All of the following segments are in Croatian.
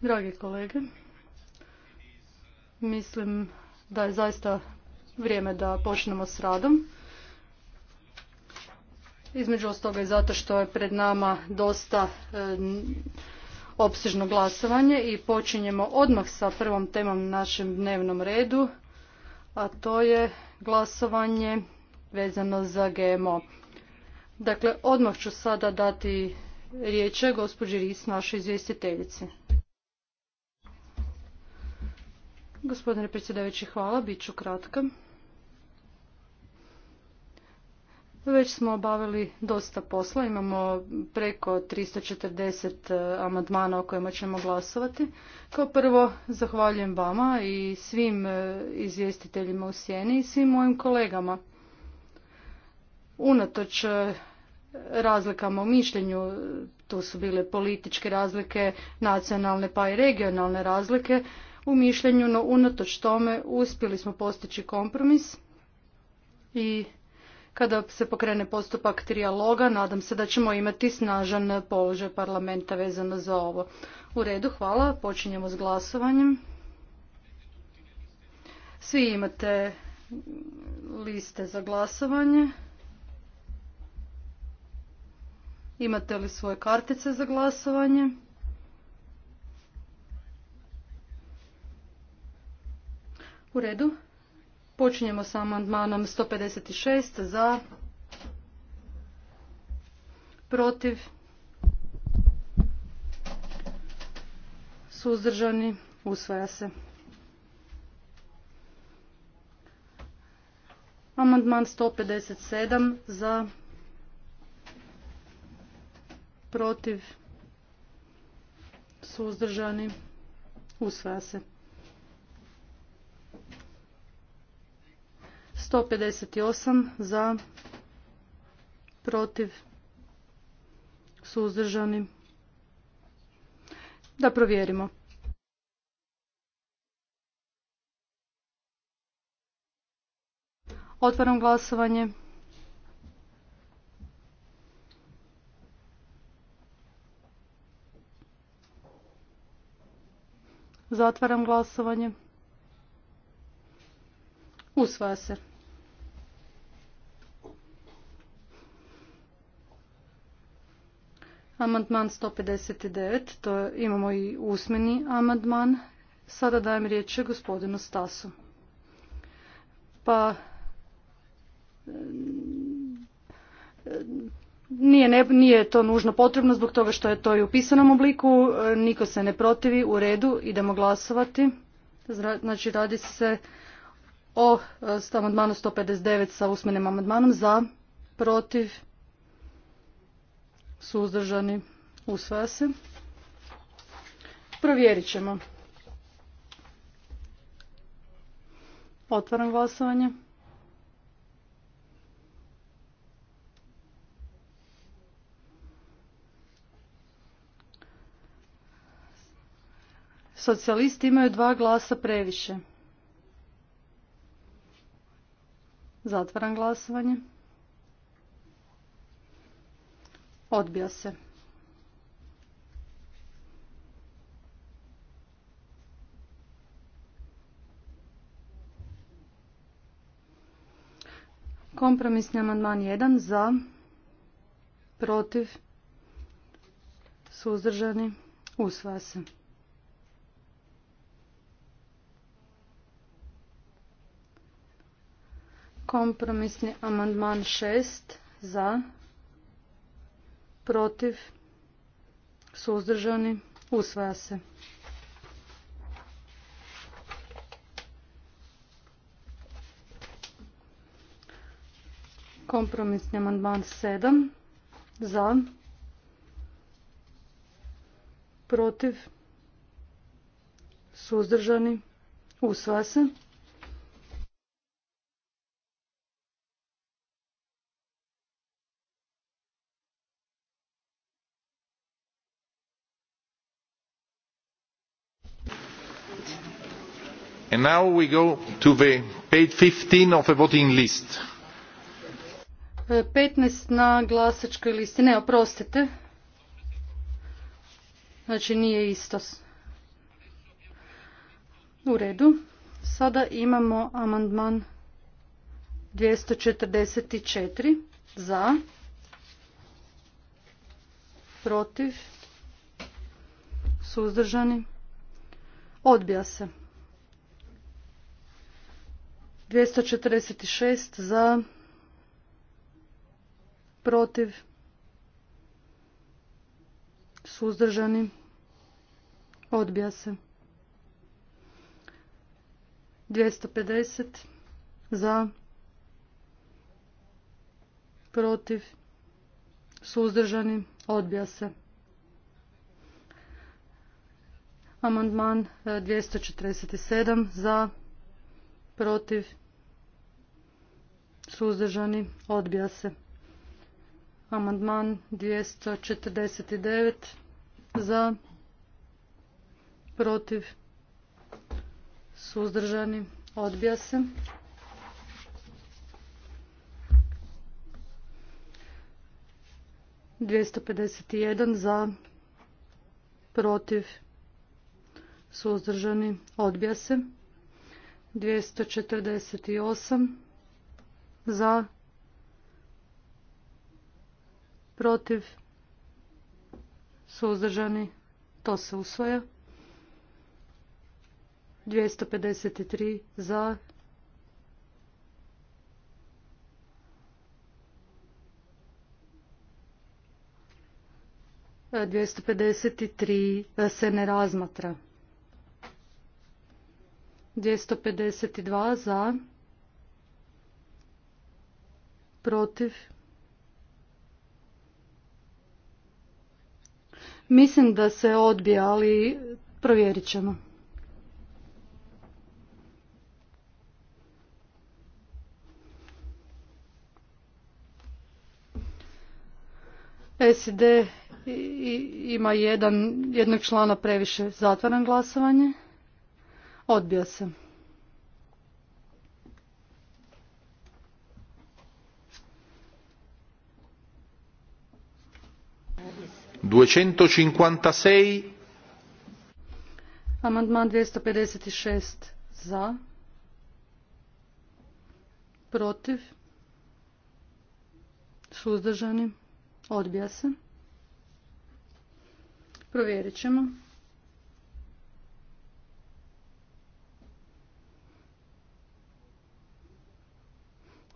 Dragi kolege, mislim da je zaista vrijeme da počnemo s radom. Između ostoga i zato što je pred nama dosta e, opsežno glasovanje i počinjemo odmah sa prvom temom na našem dnevnom redu, a to je glasovanje vezano za GMO. Dakle, odmah ću sada dati Riječ je gospođi Ris, našoj izvjestiteljici. Gospodine predsjedavajući, hvala, bit ću kratka. Već smo obavili dosta posla, imamo preko 340 e, amandmana o kojima ćemo glasovati. Kao prvo, zahvaljujem vama i svim e, izvjestiteljima u Sjeni i svim mojim kolegama. Unatoč e, razlikama u mišljenju. Tu su bile političke razlike, nacionalne pa i regionalne razlike u mišljenju, no unatoč tome uspjeli smo postići kompromis i kada se pokrene postupak trijaloga, nadam se da ćemo imati snažan položaj parlamenta vezano za ovo. U redu, hvala. Počinjemo s glasovanjem. Svi imate liste za glasovanje. Imate li svoje kartice za glasovanje? U redu. Počinjemo sa amandmanom 156 za, protiv, suzdržani, usvaja se. Amandman 157 za, protiv, suzdržani, usvaja se. 158 za, protiv, suzdržani. Da provjerimo. Otvaram glasovanje. Zatvaram glasovanje. Usvaja se. Amandman 159, to imamo i usmeni amandman. Sada dajem riječ gospodinu Stasu. Pa nije, nije to nužno potrebno zbog toga što je to i u pisanom obliku, e, niko se ne protivi, u redu, idemo glasovati. Znači radi se o e, amandmanu 159 sa usmenim amandmanom za, protiv, suzdržani, usvaja se. Provjerit ćemo. Otvaram glasovanje. Socijalisti imaju dva glasa previše. Zatvaram glasovanje. Odbija se. Kompromisni amandman 1 za, protiv, suzdržani, usvaja se. Kompromisni amandman šest za, protiv, suzdržani, usvaja se. Kompromisni amandman sedam za, protiv, suzdržani, usvaja se. Now go to na glasačkoj listi. Ne, oprostite. Znači nije isto. U redu. Sada imamo amandman 244 za, protiv, suzdržani, odbija se. 246 za, protiv, suzdržani, odbija se. 250 za, protiv, suzdržani, odbija se. Amandman 247 e, za, protiv, suzdržani, odbija se. Amandman 249 za, protiv, suzdržani, odbija se. Dvjesto pedeset jedan za protiv suzdržani odbija se dvjesto četrdeset osam za, protiv, suzdržani, to se usvoja, 253 za, dvjesto pedeset se ne razmatra 252 za protiv Mislim da se odbija, ali provjerit ćemo. SID ima jedan, jednog člana previše. Zatvaram glasovanje. Odbija se. 256 Amandman 256 za protiv suzdržani odbija se provjerit ćemo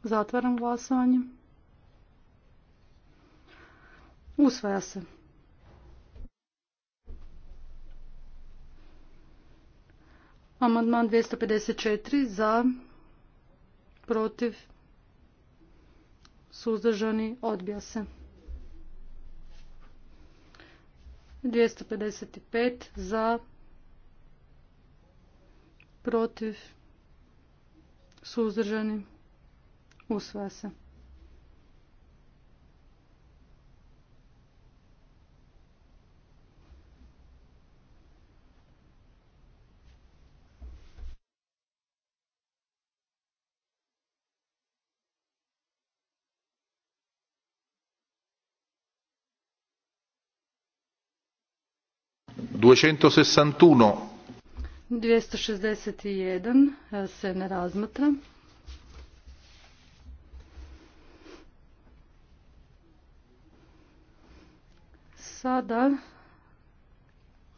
zatvaram glasovanje usvaja se Amandman 254 za, protiv, suzdržani, odbija se. 255 za, protiv, suzdržani, usvaja se. 261. E, se ne razmatra. Sada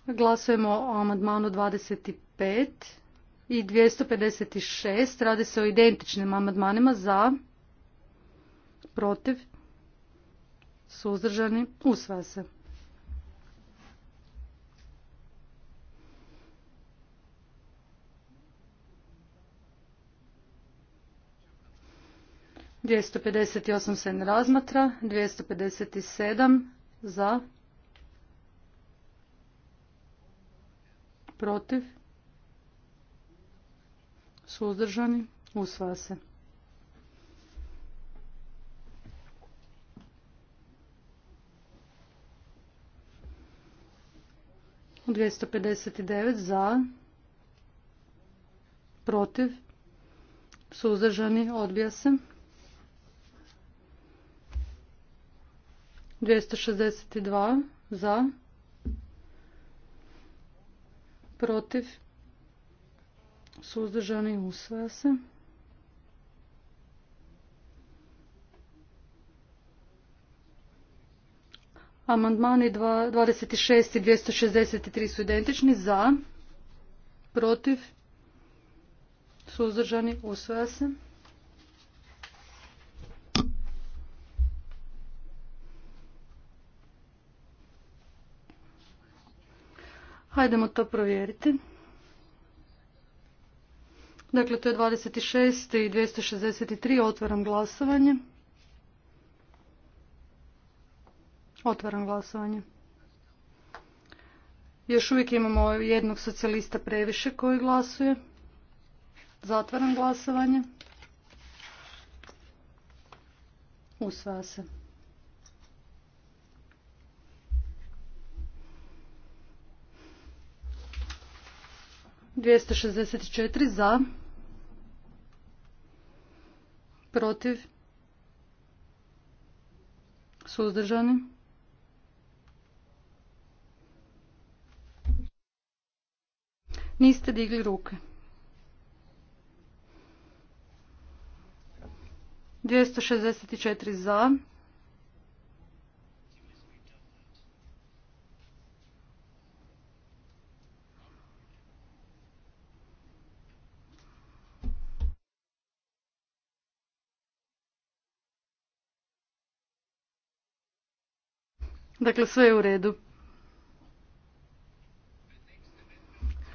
glasujemo o amandmanu 25 i 256. Radi se o identičnim amandmanima za, protiv, suzdržani, usvaja se. 258 se ne razmatra. 257 za. Protiv. Suzdržani. Usvaja se. U 259 za, protiv, suzdržani, odbija se. 262 za, protiv, suzdržani usvaja se. Amandmani 26 i 263 su identični za, protiv, suzdržani usvaja se. Hajdemo to provjeriti. Dakle, to je 26. i 263. Otvaram glasovanje. Otvaram glasovanje. Još uvijek imamo jednog socijalista previše koji glasuje. Zatvaram glasovanje. Usvaja se. 264 za, protiv, suzdržani. Niste digli ruke. 264 za, protiv, Dakle, sve je u redu.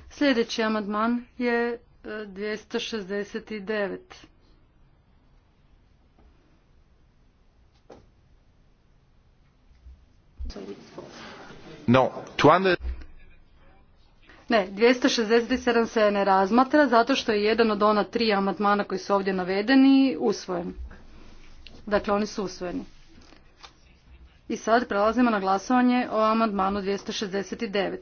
Sljedeći amandman je 269. E, no, ne, 267 se ne razmatra zato što je jedan od ona tri amandmana koji su ovdje navedeni usvojen. Dakle, oni su usvojeni. I sad prelazimo na glasovanje o amandmanu 269.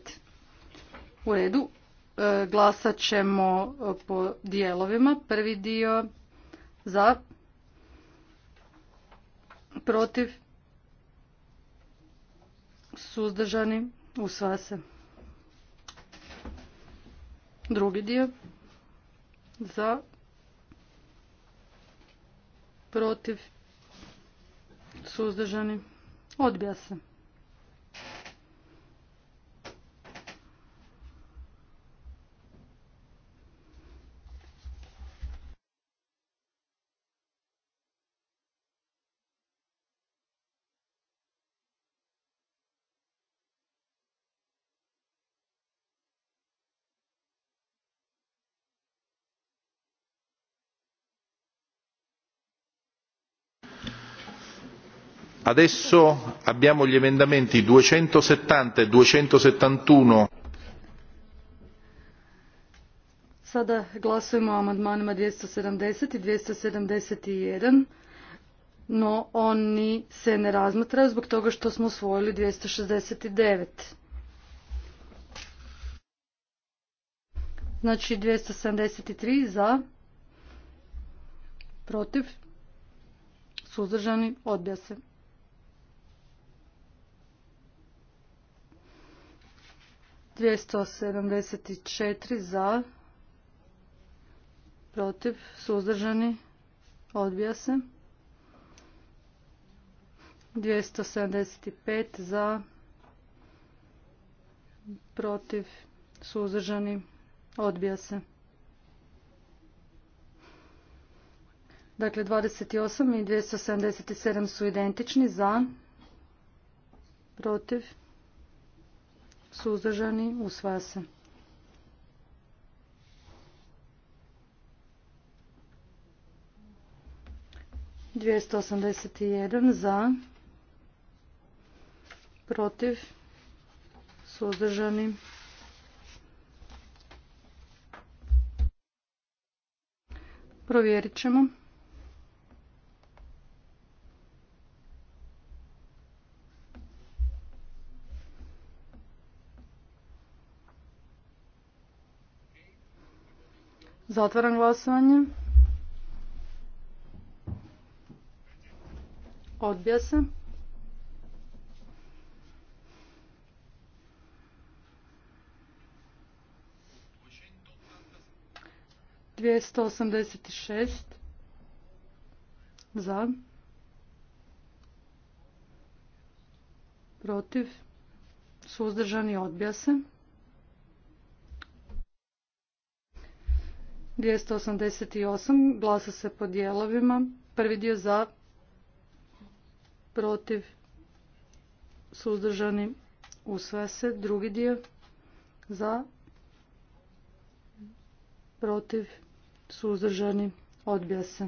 U redu, e, glasat ćemo po dijelovima. Prvi dio za, protiv, suzdržani, usvaja se. Drugi dio za, protiv, suzdržani, usvaja Odbija adesso abbiamo gli emendamenti duecentosettanta e duecentosettantuno sada glasujemo o amandmanima dvjesto sedamdeset i dvjesto sedamdeset jedan no oni se ne razmatraju zbog toga što smo usvojili dvjesto šezdeset devet znači dvjesto sedamdeset tri za protiv suzdržani odbija se 274 za, protiv, suzdržani, odbija se. 275 za, protiv, suzdržani, odbija se. Dakle, 28 i 277 su identični za, protiv, suzdržani, usvaja se. Dvijesto osamdeset jedan za, protiv, suzdržani. Provjerit ćemo. Zatvaram glasovanje. Odbija se. Dvijesto osamdeset šest za protiv suzdržani odbija se 288. Glasa se po dijelovima. Prvi dio za, protiv, suzdržani, usvaja se. Drugi dio za, protiv, suzdržani, odbija se.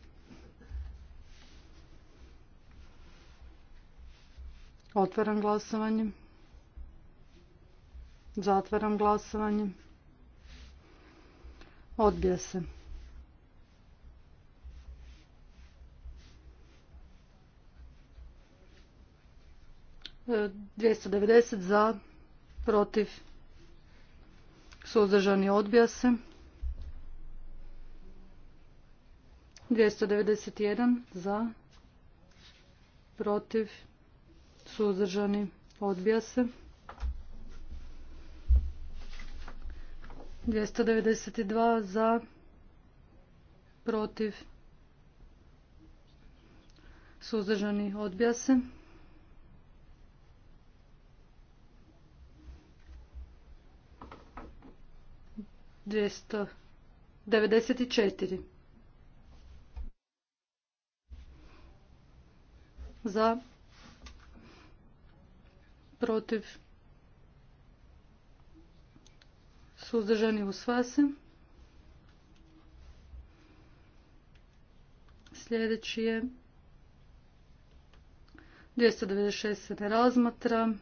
Otvaram glasovanje. Zatvaram glasovanje. Odbija se. E, 290 za, protiv, suzdržani odbija se. 291 za, protiv, suzdržani, odbija se. 292 za, protiv, suzdržani, odbija se. 294 za, protiv, suzdržani u se. Sljedeći je 296 se ne razmatra.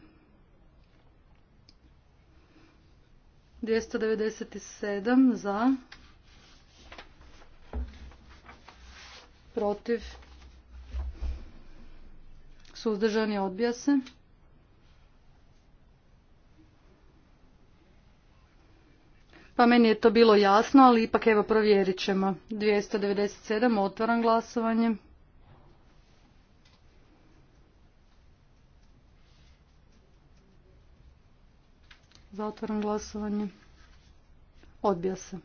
297 za, protiv, suzdržani odbija se. Pa meni je to bilo jasno, ali ipak evo provjerit ćemo. 297, otvaram glasovanje. Zatvaram glasovanje. Odbija se.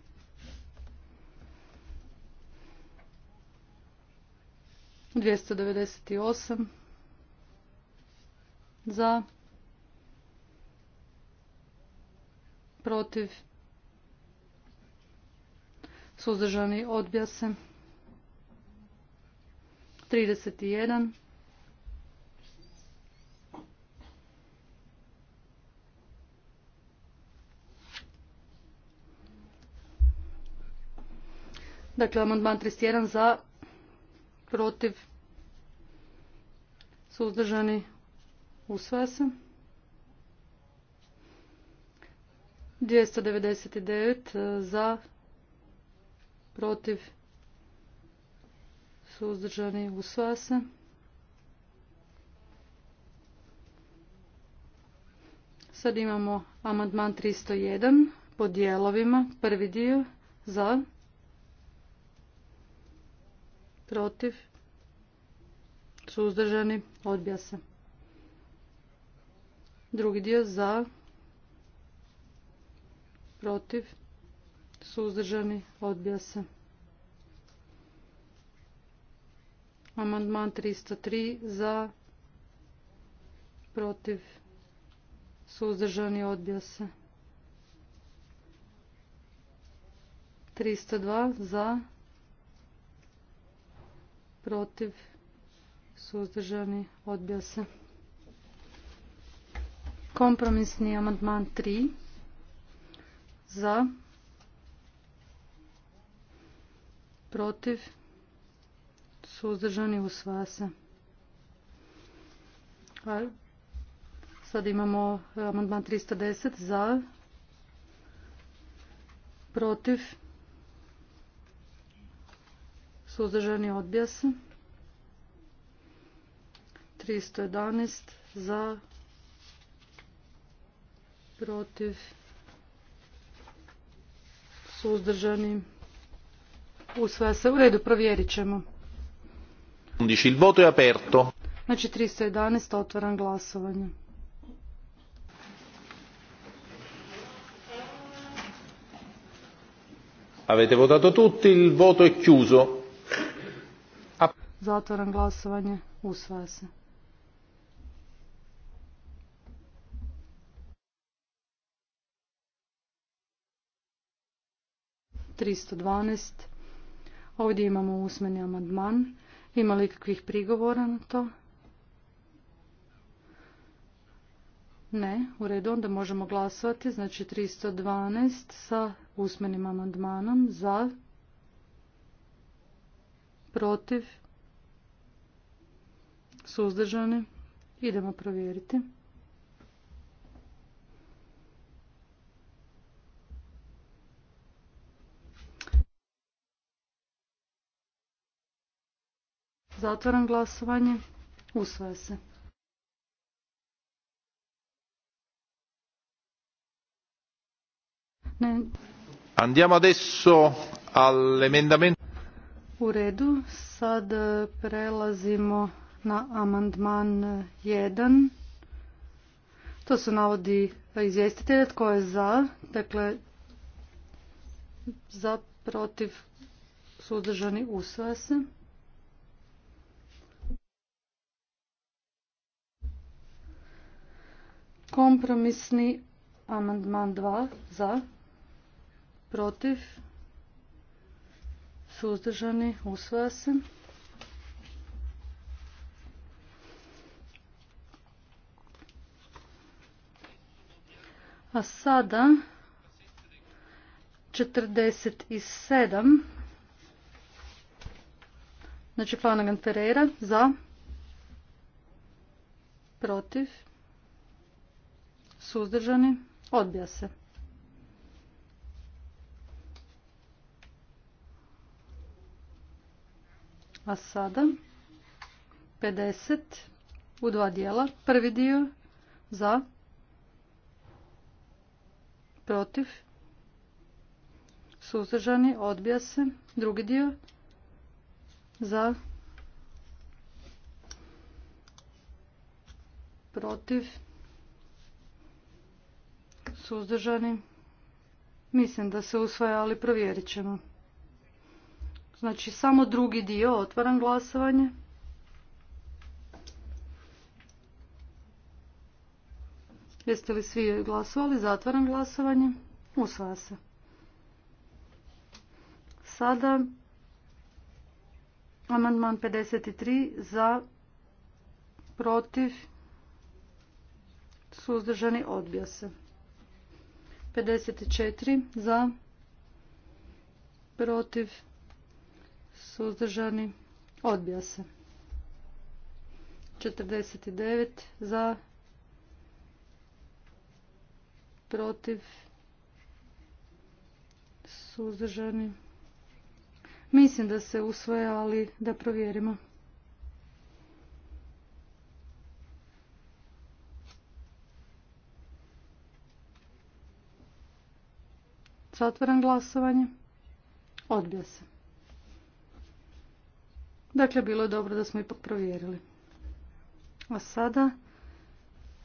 dvjesto devedeset osam za protiv suzdržani, odbija se. 31. Dakle, amandman 31 za, protiv, suzdržani, usvaja se. 299 za, protiv protiv, suzdržani, usvaja se. Sad imamo amandman 301 po dijelovima. Prvi dio za, protiv, suzdržani, odbija se. Drugi dio za, protiv, suzdržani, odbija se. Amandman 303 za, protiv, suzdržani, odbija se. 302 za, protiv, suzdržani, odbija se. Kompromisni amandman 3 za, protiv, suzdržani, u se. Sada sad imamo e, amandman 310 za, protiv, suzdržani, odbija se. 311 za, protiv, suzdržani, Usvaja se u redu, provjerit ćemo. Il voto è aperto. Znači 311, otvaram glasovanje. Avete votato tutti, il voto è chiuso. Zatvaram glasovanje, usvaja se. Tristo dvanaest Ovdje imamo usmeni amandman. Ima li kakvih prigovora na to? Ne, u redu, onda možemo glasovati. Znači 312 sa usmenim amandmanom za, protiv, suzdržani. Idemo provjeriti. Zatvoram glasovanje. Usvaja se. Ne. Andiamo adesso all'emendamento. U redu, sad eh, prelazimo na amandman 1. Eh, to su navodi izvjestitelja tko je za, dakle za protiv suzdržani usvaja se. Kompromisni amandman 2 za, protiv, suzdržani, usvaja se. A sada 47, znači Flanagan Ferreira, za, protiv, suzdržani, odbija se. A sada 50 u dva dijela. Prvi dio za, protiv, suzdržani, odbija se. Drugi dio za, protiv, suzdržani. Mislim da se usvaja, ali provjerit ćemo. Znači, samo drugi dio, otvaram glasovanje. Jeste li svi glasovali? Zatvaram glasovanje. Usvaja se. Sada amandman 53 za protiv suzdržani odbija se. 54 za, protiv, suzdržani, odbija se. 49 za, protiv, suzdržani. Mislim da se usvoja, ali da provjerimo. Zatvaram glasovanje. Odbija se. Dakle, bilo je dobro da smo ipak provjerili. A sada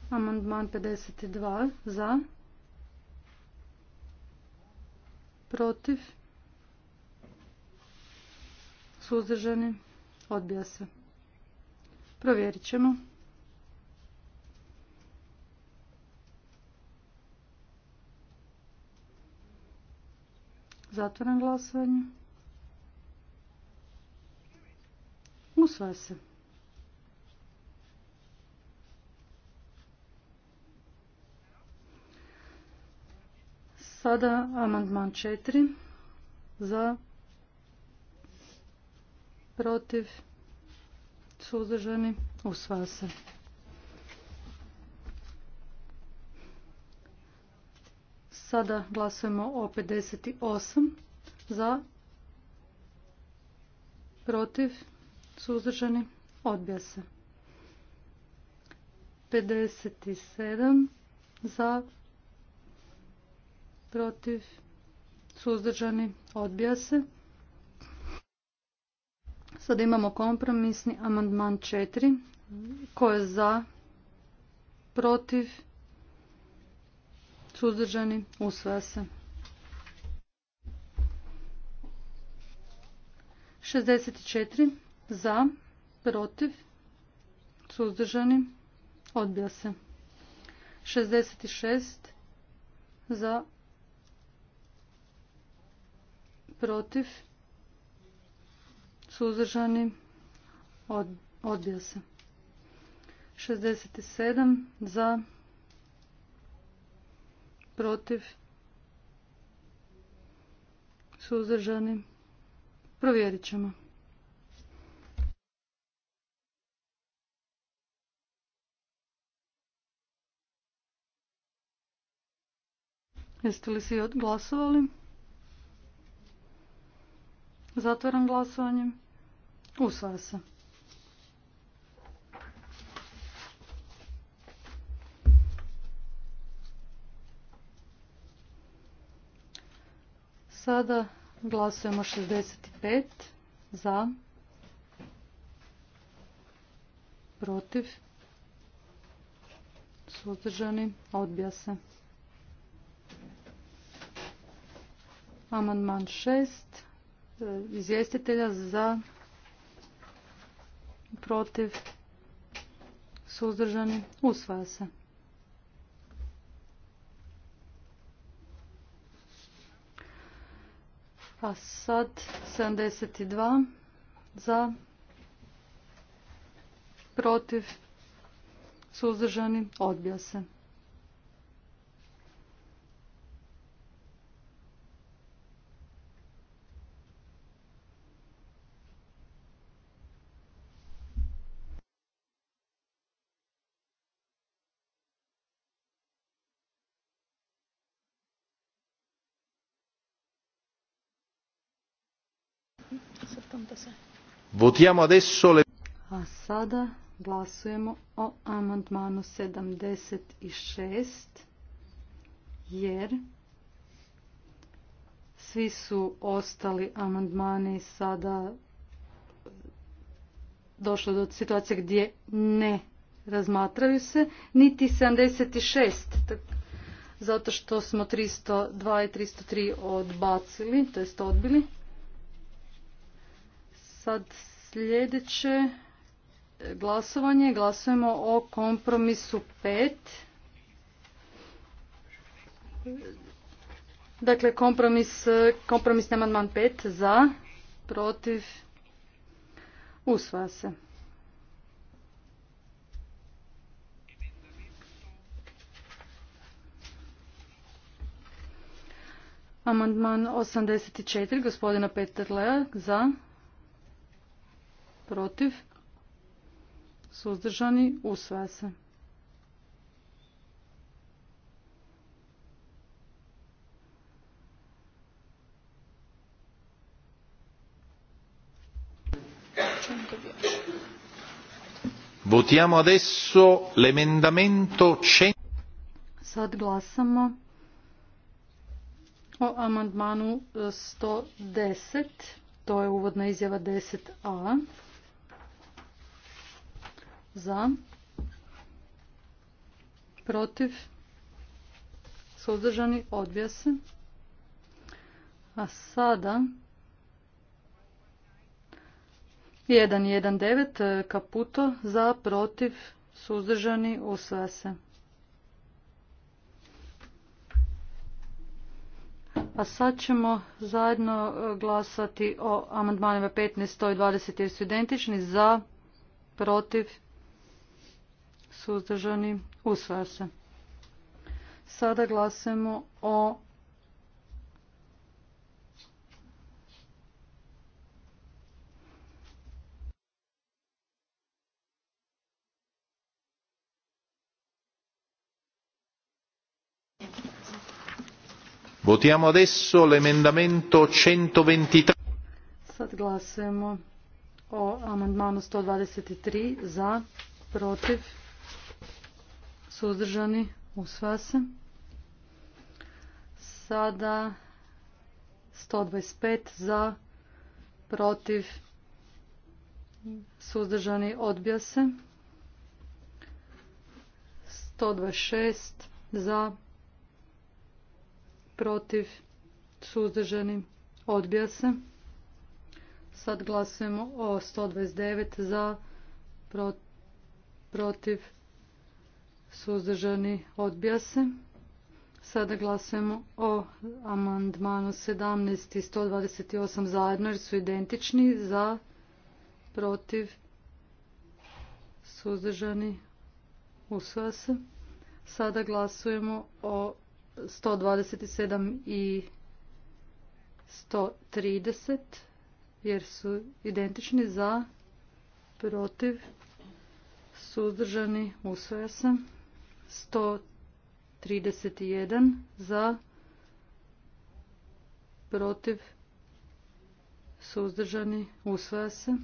amandman 52 za protiv suzdržani odbija se. Provjerit ćemo. Zatvoren glasovanje. Usvaja se. Sada amandman četiri za protiv suzdržani usvaja se. Sada glasujemo o 58 za, protiv, suzdržani, odbija se. 57 za, protiv, suzdržani, odbija se. Sada imamo kompromisni amandman 4. koje je za, protiv, Suzdržani? Usvaja se. četiri. Za. Protiv. Suzdržani? Odbija se. šest. Za. Protiv. Suzdržani? Odbija se. sedam. Za protiv, suzdržani. Provjerit ćemo. Jeste li svi odglasovali? Zatvaram glasovanje. Usvaja se. Sada glasujemo 65 za, protiv, suzdržani, odbija se. Amandman 6 e, izvjestitelja za, protiv, suzdržani, usvaja se. A sad 72 za, protiv, suzdržani, odbija se. Votiamo adesso le... A sada glasujemo o amandmanu 76 jer svi su ostali amandmani sada došlo do situacije gdje ne razmatraju se, niti 76, zato što smo 302 i 303 odbacili, to jest odbili. Sad Sljedeće glasovanje. Glasujemo o kompromisu 5. Dakle, kompromis, kompromisni amandman 5 za, protiv, usvaja se. Amandman 84, gospodina Peterlea, za, protiv, suzdržani, usvaja se. Votiamo adesso l'emendamento 100. Sad glasamo o amandmanu 110. Eh, to je uvodna izjava 10a za, protiv, suzdržani, odbija se. A sada 119 kaputo e, za, protiv, suzdržani, usvaja se. A sad ćemo zajedno e, glasati o amandmanima 15, 120 jer su identični za, protiv, suzdržani, usvaja se. Sada glasujemo o Votiamo adesso l'emendamento 123. Sad glasujemo o amandmanu 123 za, protiv, suzdržani, usvaja se. Sada 125 za, protiv, suzdržani, odbija se. 126 za, protiv, suzdržani, odbija se. Sad glasujemo o 129 za, protiv, suzdržani, odbija se. Sada glasujemo o amandmanu 17 i 128 zajedno jer su identični za, protiv, suzdržani, usvoja se. Sada glasujemo o 127 i 130 jer su identični za, protiv, suzdržani, usvoja se. 131 za protiv suzdržani usvaja se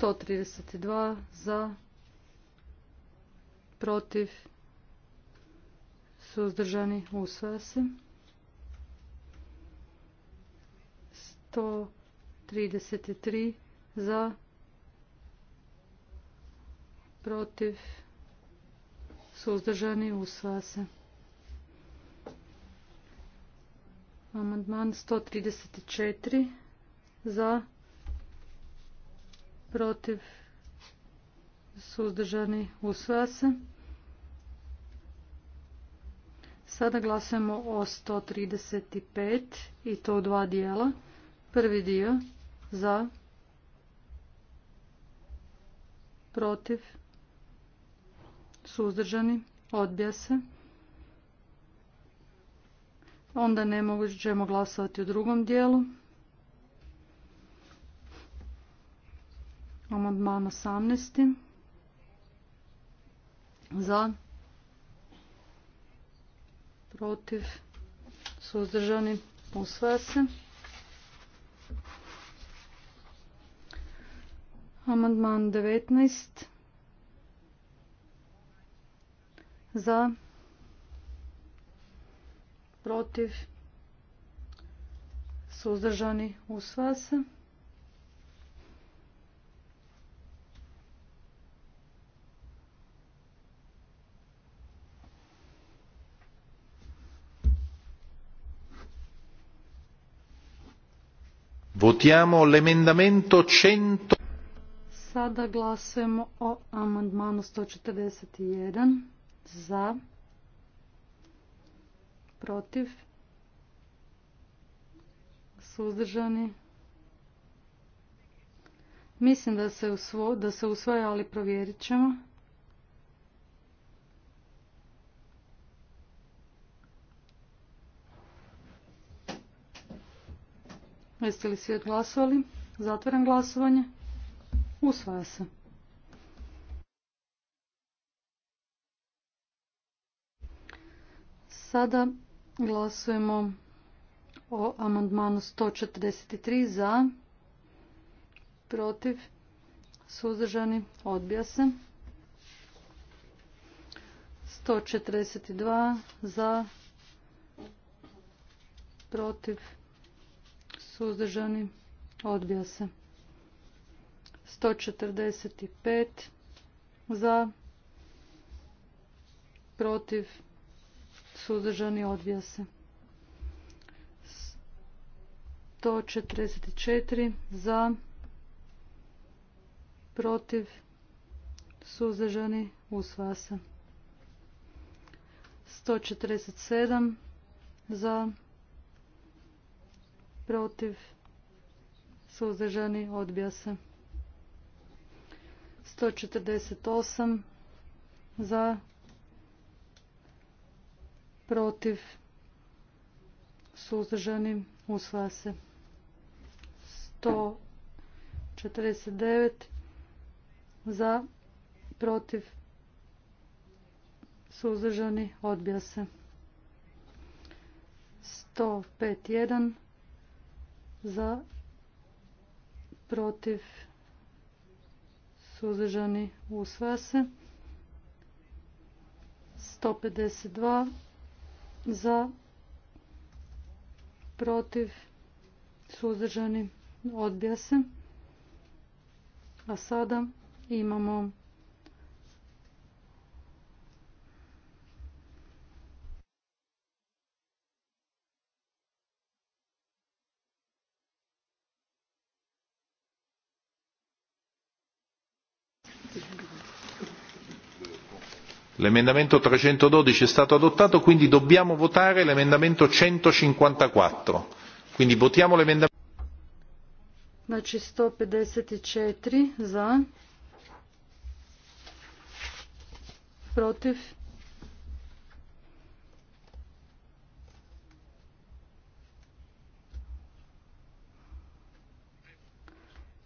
132 za protiv suzdržani usvaja se 133 za protiv, protiv, suzdržani, usvaja se. Amandman 134 za, protiv, suzdržani, usvaja se. Sada glasujemo o 135 i to u dva dijela. Prvi dio za, protiv, suzdržani, odbija se. Onda ne možemo glasovati u drugom dijelu. Amandman 18. Za. Protiv. Suzdržani. Usvaja se. Amandman 19. za, protiv, suzdržani, usva se. Votiamo l'emendamento 100. Sada glasujemo o amandmanu 141 za, protiv, suzdržani. Mislim da se, usvo, da se ali provjerit ćemo. Jeste li svi odglasovali? Zatvaram glasovanje. Usvaja se. Sada glasujemo o amandmanu 143 za, protiv, suzdržani, odbija se. 142 za, protiv, suzdržani, odbija se. 145 za, protiv, suzdržani, odbija se. 144 za, protiv, suzdržani, usvaja se. 147 za, protiv, suzdržani, odbija se. 148 za, protiv, suzdržanim usvaja se. 149 za, protiv, suzdržani, odbija se. 151 za, protiv, suzdržani, usvaja se. 152 za, protiv, suzdržani, odbija se. A sada imamo l'emendamento 312 è stato adottato quindi dobbiamo votare l'emendamento centocinquantaquattro quindi votiamo l'emendamento znači 154 za protiv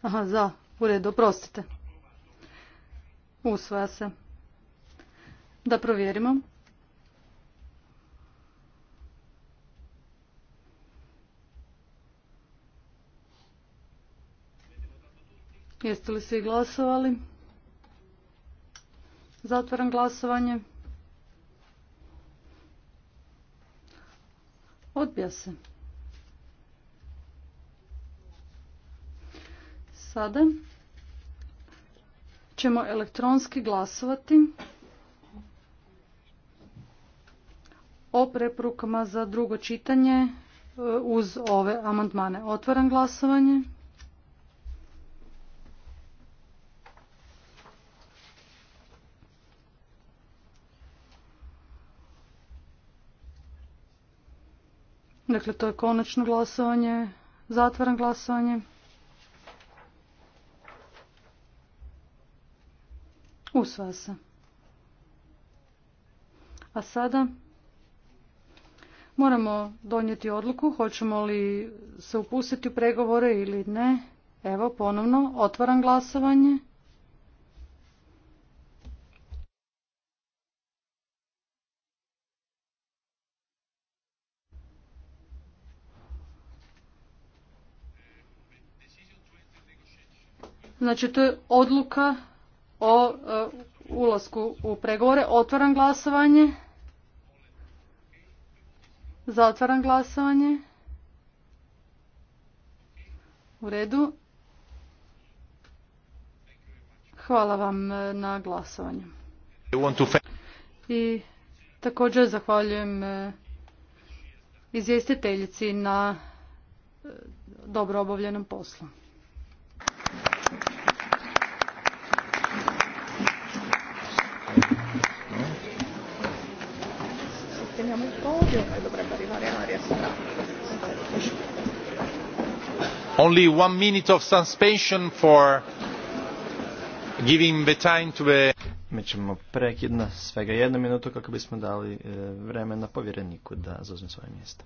aha za u redu oprostite usvaja se da provjerimo. Jeste li svi glasovali? Zatvaram glasovanje. Odbija se. Sada ćemo elektronski glasovati. o preporukama za drugo čitanje e, uz ove amandmane. Otvaram glasovanje. Dakle, to je konačno glasovanje. Zatvaram glasovanje. Usvaja se. A sada Moramo donijeti odluku hoćemo li se upustiti u pregovore ili ne. Evo ponovno otvaram glasovanje. Znači to je odluka o e, ulasku u pregovore. Otvaram glasovanje. Zatvaram glasovanje. U redu. Hvala vam e, na glasovanju. I također zahvaljujem e, izvjestiteljici na e, dobro obavljenom poslu. Only one minute of suspension for giving the time to the... Mi ćemo prekid svega jednu minutu kako bismo dali e, vremena povjereniku da zauzme svoje mjesto.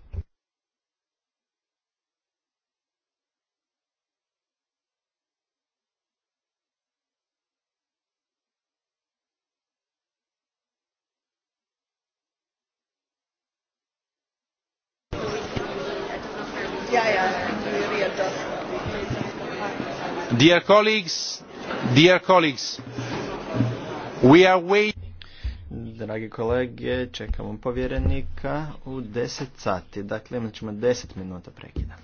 Dear colleagues, dear colleagues, we are waiting. Dragi kolege, čekamo povjerenika u 10 sati. Dakle, imat ćemo 10 minuta prekida.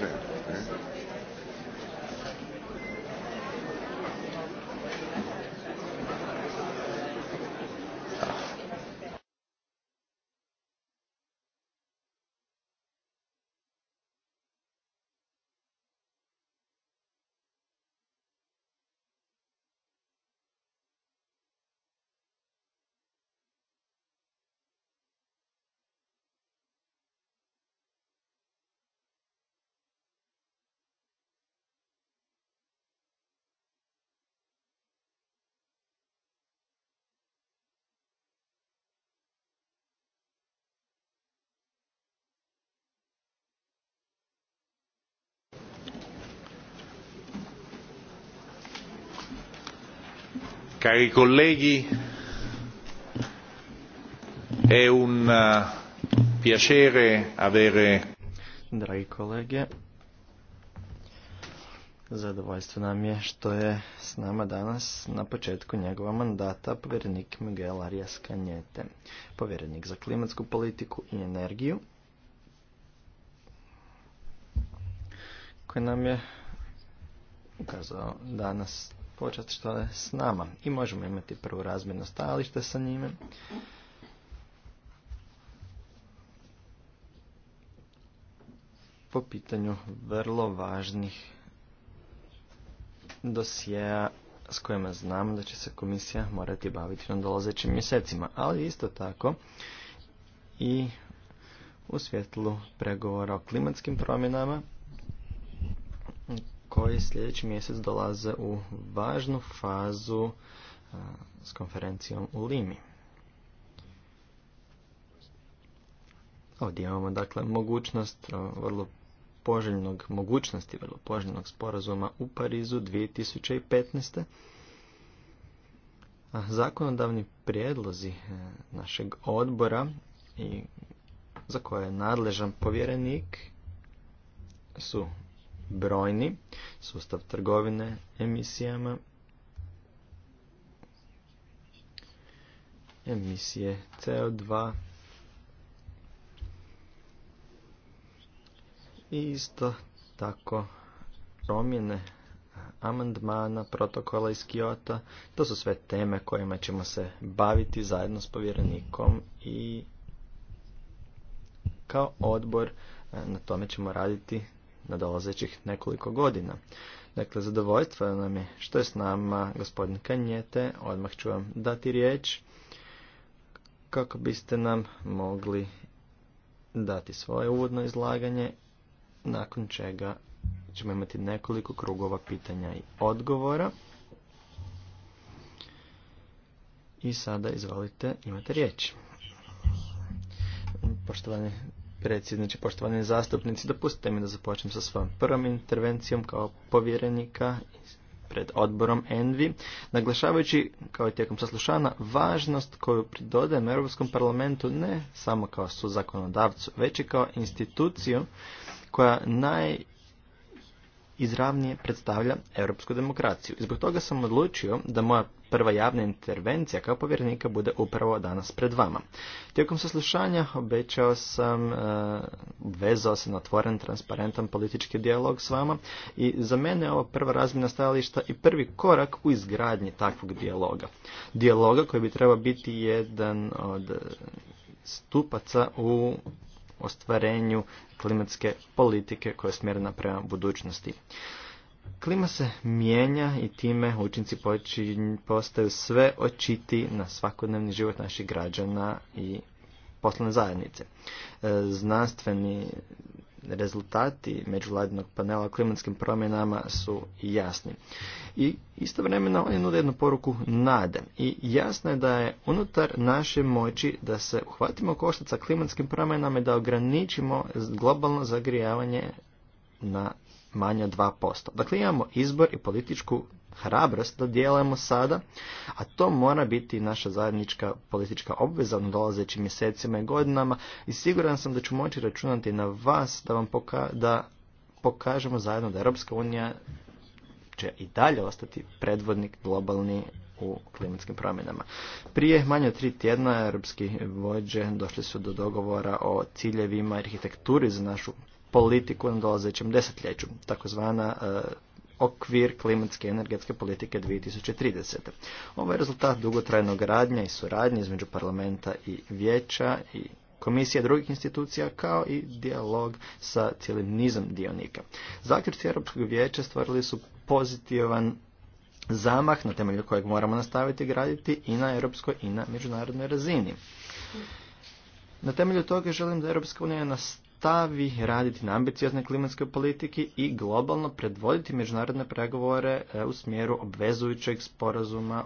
Sve, Cari colleghi, è un eh, piacere avere... Dragi kolege, zadovoljstvo nam je što je s nama danas na početku njegova mandata povjerenik Miguel Arias Kanjete, povjerenik za klimatsku politiku i energiju, koji nam je ukazao danas Početi što je s nama i možemo imati prvo razmjerno stajalište sa njime. Po pitanju vrlo važnih dosjea s kojima znam da će se komisija morati baviti na dolazećim mjesecima, ali isto tako i u svjetlu pregovora o klimatskim promjenama koji sljedeći mjesec dolaze u važnu fazu s konferencijom u Limi. Ovdje imamo dakle mogućnost vrlo poželjnog, mogućnosti vrlo poželjnog sporazuma u Parizu 2015. A zakonodavni prijedlozi e, našeg odbora i za koje je nadležan povjerenik su brojni, sustav trgovine emisijama, emisije CO2 i isto tako promjene amandmana, protokola iz Kiota, to su sve teme kojima ćemo se baviti zajedno s povjerenikom i kao odbor e, na tome ćemo raditi nadolazećih nekoliko godina. Dakle, zadovoljstvo nam je što je s nama gospodin Kanjete, odmah ću vam dati riječ kako biste nam mogli dati svoje uvodno izlaganje, nakon čega ćemo imati nekoliko krugova pitanja i odgovora. I sada izvolite, imate riječ. Poštovani predsjedniče, poštovani zastupnici, dopustite mi da započnem sa svojom prvom intervencijom kao povjerenika pred odborom Envi, naglašavajući, kao i tijekom saslušana, važnost koju pridodajem Europskom parlamentu ne samo kao su zakonodavcu, već i kao instituciju koja naj izravnije predstavlja europsku demokraciju. I zbog toga sam odlučio da moja prva javna intervencija kao povjerenika bude upravo danas pred vama. Tijekom saslušanja obećao sam, e, vezao se na otvoren, transparentan politički dijalog s vama i za mene je ovo prva razmjena stajališta i prvi korak u izgradnji takvog dijaloga. Dijaloga koji bi trebao biti jedan od stupaca u ostvarenju klimatske politike koja je smjerena prema budućnosti. Klima se mijenja i time učinci postaju sve očiti na svakodnevni život naših građana i poslane zajednice. E, znanstveni rezultati međuvladinog panela o klimatskim promjenama su jasni. I istovremeno oni nude jednu poruku nade. I jasno je da je unutar naše moći da se uhvatimo koštaca klimatskim promjenama i da ograničimo globalno zagrijavanje na manje od 2%. Dakle, imamo izbor i političku hrabrost da djelujemo sada, a to mora biti naša zajednička politička obveza u dolazećim mjesecima i godinama i siguran sam da ću moći računati na vas da vam da pokažemo zajedno da Europska unija će i dalje ostati predvodnik globalni u klimatskim promjenama. Prije manje od tri tjedna europski vođe došli su do dogovora o ciljevima arhitekturi za našu politiku na dolazećem desetljeću, takozvana e, okvir klimatske i energetske politike 2030. Ovo je rezultat dugotrajnog radnja i suradnje između parlamenta i vijeća i komisije drugih institucija kao i dijalog sa cijelim nizom dionika. Zaključci Europskog vijeća stvorili su pozitivan zamah na temelju kojeg moramo nastaviti graditi i na europskoj i na međunarodnoj razini. Na temelju toga želim da Europska unija nastavi raditi na ambicioznoj klimatske politike i globalno predvoditi međunarodne pregovore e, u smjeru obvezujućeg sporazuma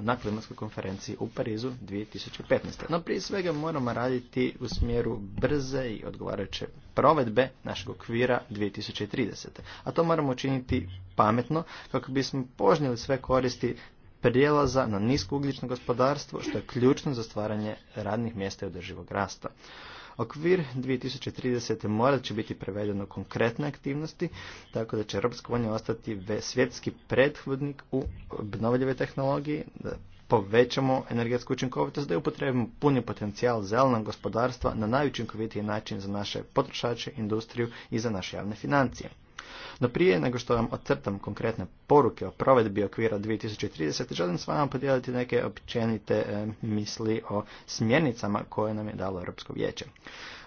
na klimatskoj konferenciji u Parizu 2015. No prije svega moramo raditi u smjeru brze i odgovarajuće provedbe našeg okvira 2030. A to moramo učiniti pametno kako bismo požnjeli sve koristi prijelaza na ugljično gospodarstvo što je ključno za stvaranje radnih mjesta i održivog rasta. Okvir 2030. morat će biti prevedeno konkretne aktivnosti, tako da će Europska unija ostati svjetski prethodnik u obnovljive tehnologiji, da povećamo energetsku učinkovitost, da je upotrebimo puni potencijal zelenog gospodarstva na najučinkovitiji način za naše potrošače, industriju i za naše javne financije. No prije nego što vam ocrtam konkretne poruke o provedbi okvira 2030, želim s vama podijeliti neke općenite e, misli o smjernicama koje nam je dalo Europsko vijeće.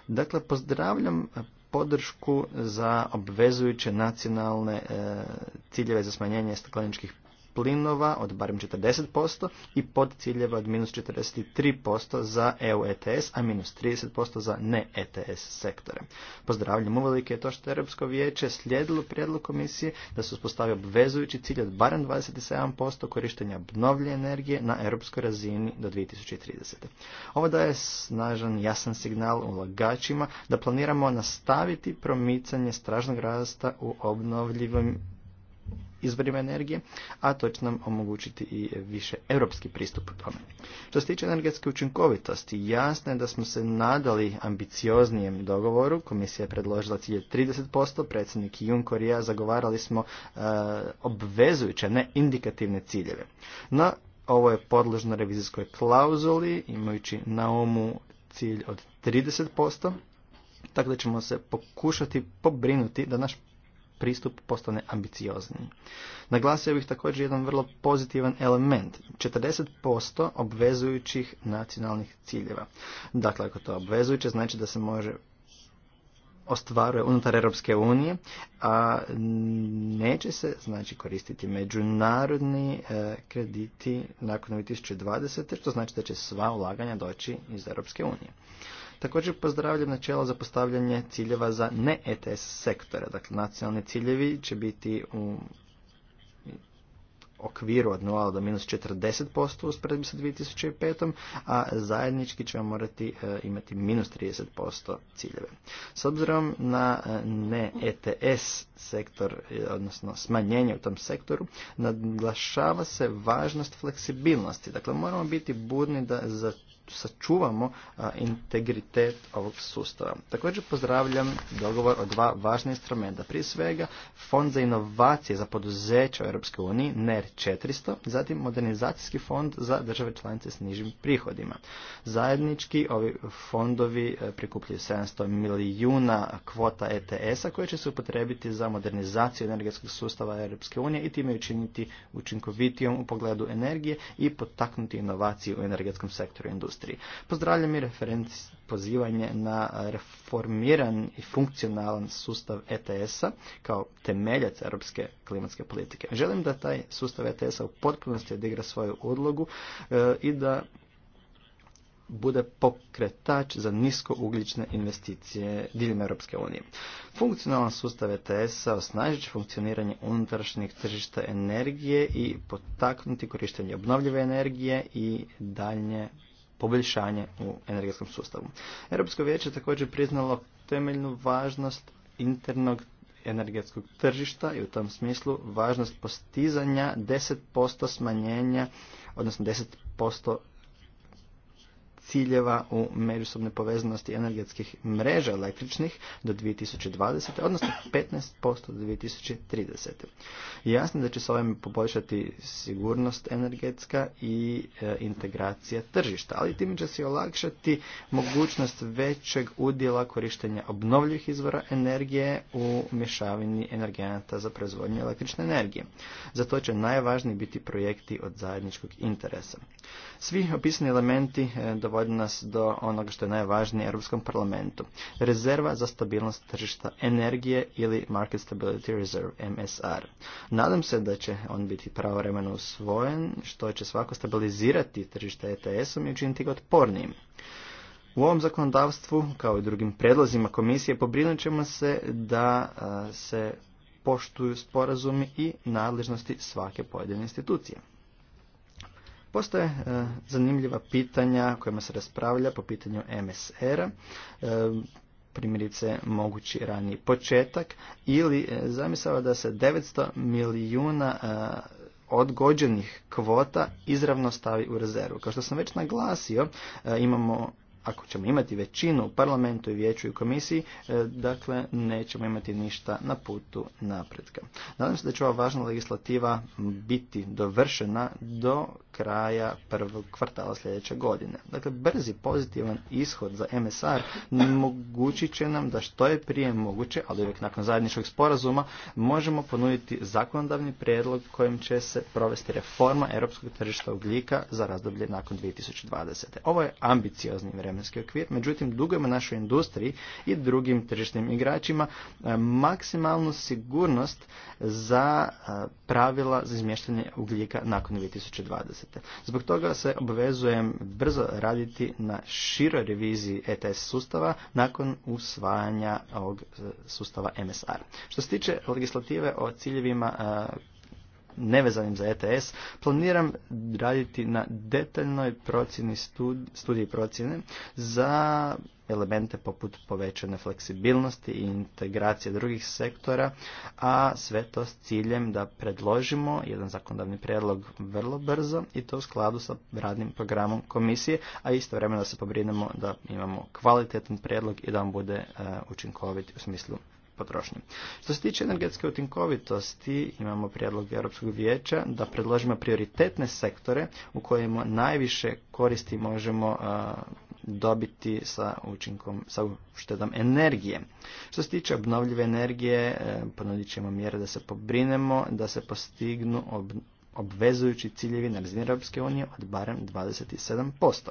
Dakle, pozdravljam podršku za obvezujuće nacionalne e, ciljeve za smanjenje stakleničkih plinova od barem 40% i podciljeva od minus 43% za EU ETS, a minus 30% za ne ETS sektore. Pozdravljam uvelike to što je Europsko vijeće slijedilo prijedlog komisije da se uspostavi obvezujući cilj od barem 27% korištenja obnovlje energije na europskoj razini do 2030. Ovo daje snažan, jasan signal ulagačima da planiramo nastaviti promicanje stražnog rasta u obnovljivim izvorima energije, a to će nam omogućiti i više europski pristup u tome. Što se tiče energetske učinkovitosti, jasno je da smo se nadali ambicioznijem dogovoru. Komisija je predložila cilje 30%, predsjednik Juncker i ja zagovarali smo e, obvezujuće, ne indikativne ciljeve. No, ovo je podložno revizijskoj klauzuli, imajući na umu cilj od 30%, tako da ćemo se pokušati pobrinuti da naš pristup postane ambiciozniji. Naglasio bih također jedan vrlo pozitivan element, 40% obvezujućih nacionalnih ciljeva. Dakle, ako to obvezujuće, znači da se može ostvaruje unutar Europske unije, a neće se znači koristiti međunarodni e, krediti nakon 2020. što znači da će sva ulaganja doći iz Europske unije. Također pozdravljam načelo za postavljanje ciljeva za ne ETS sektore. Dakle, nacionalni ciljevi će biti u okviru od 0 do minus 40% usporedbi sa 2005. a zajednički ćemo morati e, imati minus 30% ciljeve. S obzirom na e, ne ETS sektor, e, odnosno smanjenje u tom sektoru, naglašava se važnost fleksibilnosti. Dakle, moramo biti budni da za sačuvamo integritet ovog sustava. Također pozdravljam dogovor o dva važna instrumenta. Prije svega fond za inovacije za poduzeća u EU, NER 400, zatim modernizacijski fond za države članice s nižim prihodima. Zajednički ovi fondovi e, prikupljaju 700 milijuna kvota ETS-a koje će se upotrebiti za modernizaciju energetskog sustava Europske unije i time učiniti učinkovitijom u pogledu energije i potaknuti inovacije u energetskom sektoru industrije industriji. Pozdravljam i referenci pozivanje na reformiran i funkcionalan sustav ETS-a kao temeljac europske klimatske politike. Želim da taj sustav ETS-a u potpunosti odigra svoju ulogu e, i da bude pokretač za niskougljične investicije diljem Europske unije. Funkcionalan sustav ETS-a osnažit će funkcioniranje unutrašnjeg tržišta energije i potaknuti korištenje obnovljive energije i daljnje poboljšanje u energetskom sustavu. Europsko vijeće također priznalo temeljnu važnost internog energetskog tržišta i u tom smislu važnost postizanja 10% smanjenja, odnosno 10% ciljeva u međusobne povezanosti energetskih mreža električnih do 2020. odnosno 15% do 2030. Jasno da će se ovim poboljšati sigurnost energetska i e, integracija tržišta, ali time će se olakšati mogućnost većeg udjela korištenja obnovljivih izvora energije u mješavini energenata za proizvodnju električne energije. Zato će najvažniji biti projekti od zajedničkog interesa. Svi opisani elementi e, vodi nas do onoga što je najvažnije Europskom parlamentu. Rezerva za stabilnost tržišta energije ili Market Stability Reserve, MSR. Nadam se da će on biti pravovremeno usvojen, što će svako stabilizirati tržište ETS-om i učiniti ga otpornijim. U ovom zakonodavstvu, kao i drugim predlozima komisije, pobrinut ćemo se da se poštuju sporazumi i nadležnosti svake pojedine institucije. Postoje e, zanimljiva pitanja kojima se raspravlja po pitanju MSR-a, e, primjerice mogući raniji početak ili e, da se 900 milijuna e, odgođenih kvota izravno stavi u rezervu. Kao što sam već naglasio, imamo ako ćemo imati većinu u parlamentu i vijeću i komisiji, e, dakle nećemo imati ništa na putu napretka. Nadam se da će ova važna legislativa biti dovršena do kraja prvog kvartala sljedeće godine. Dakle, brzi pozitivan ishod za MSR mogući će nam da što je prije moguće, ali uvijek nakon zajedničkog sporazuma, možemo ponuditi zakonodavni prijedlog kojim će se provesti reforma europskog tržišta ugljika za razdoblje nakon 2020. Ovo je ambiciozni vremen vremenski okvir, međutim dugujemo našoj industriji i drugim tržišnim igračima e, maksimalnu sigurnost za e, pravila za izmještanje ugljika nakon 2020. Zbog toga se obvezujem brzo raditi na široj reviziji ETS sustava nakon usvajanja ovog e, sustava MSR. Što se tiče legislative o ciljevima nevezanim za ETS, planiram raditi na detaljnoj procjeni studiji procjene za elemente poput povećane fleksibilnosti i integracije drugih sektora, a sve to s ciljem da predložimo jedan zakonodavni prijedlog vrlo brzo i to u skladu sa radnim programom komisije, a istovremeno da se pobrinemo da imamo kvalitetan prijedlog i da on bude e, učinkovit u smislu potrošnje. Što se tiče energetske utinkovitosti, imamo prijedlog Europskog vijeća da predložimo prioritetne sektore u kojima najviše koristi možemo dobiti sa učinkom, sa uštedom energije. Što se tiče obnovljive energije, e, ponudit ćemo mjere da se pobrinemo, da se postignu obvezujući ciljevi na razini Europske unije od barem 27%.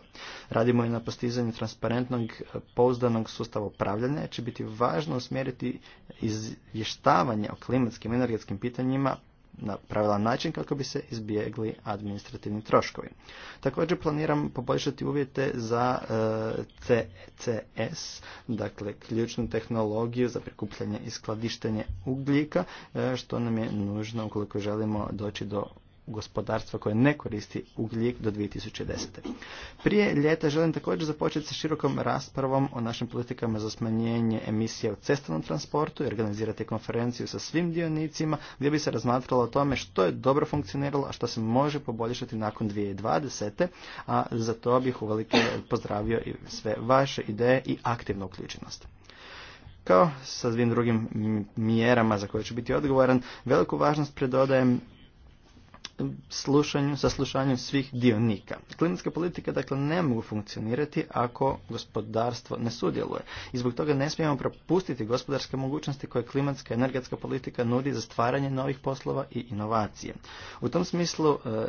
Radimo i na postizanju transparentnog e, pouzdanog sustava upravljanja, će biti važno usmjeriti izvještavanje o klimatskim i energetskim pitanjima na pravilan način kako bi se izbjegli administrativni troškovi. Također planiram poboljšati uvjete za e, CCS, e dakle ključnu tehnologiju za prikupljanje i skladištenje ugljika, što nam je nužno ukoliko želimo doći do gospodarstva koje ne koristi ugljik do 2010. Prije ljeta želim također započeti sa širokom raspravom o našim politikama za smanjenje emisija u cestovnom transportu i organizirati konferenciju sa svim dionicima gdje bi se razmatralo o tome što je dobro funkcioniralo, a što se može poboljšati nakon 2020. A za to bih uvelike pozdravio i sve vaše ideje i aktivnu uključenost kao sa svim drugim mjerama za koje ću biti odgovoran, veliku važnost predodajem slušanju, slušanjem svih dionika. Klimatska politika dakle ne mogu funkcionirati ako gospodarstvo ne sudjeluje. I zbog toga ne smijemo propustiti gospodarske mogućnosti koje klimatska energetska politika nudi za stvaranje novih poslova i inovacije. U tom smislu e,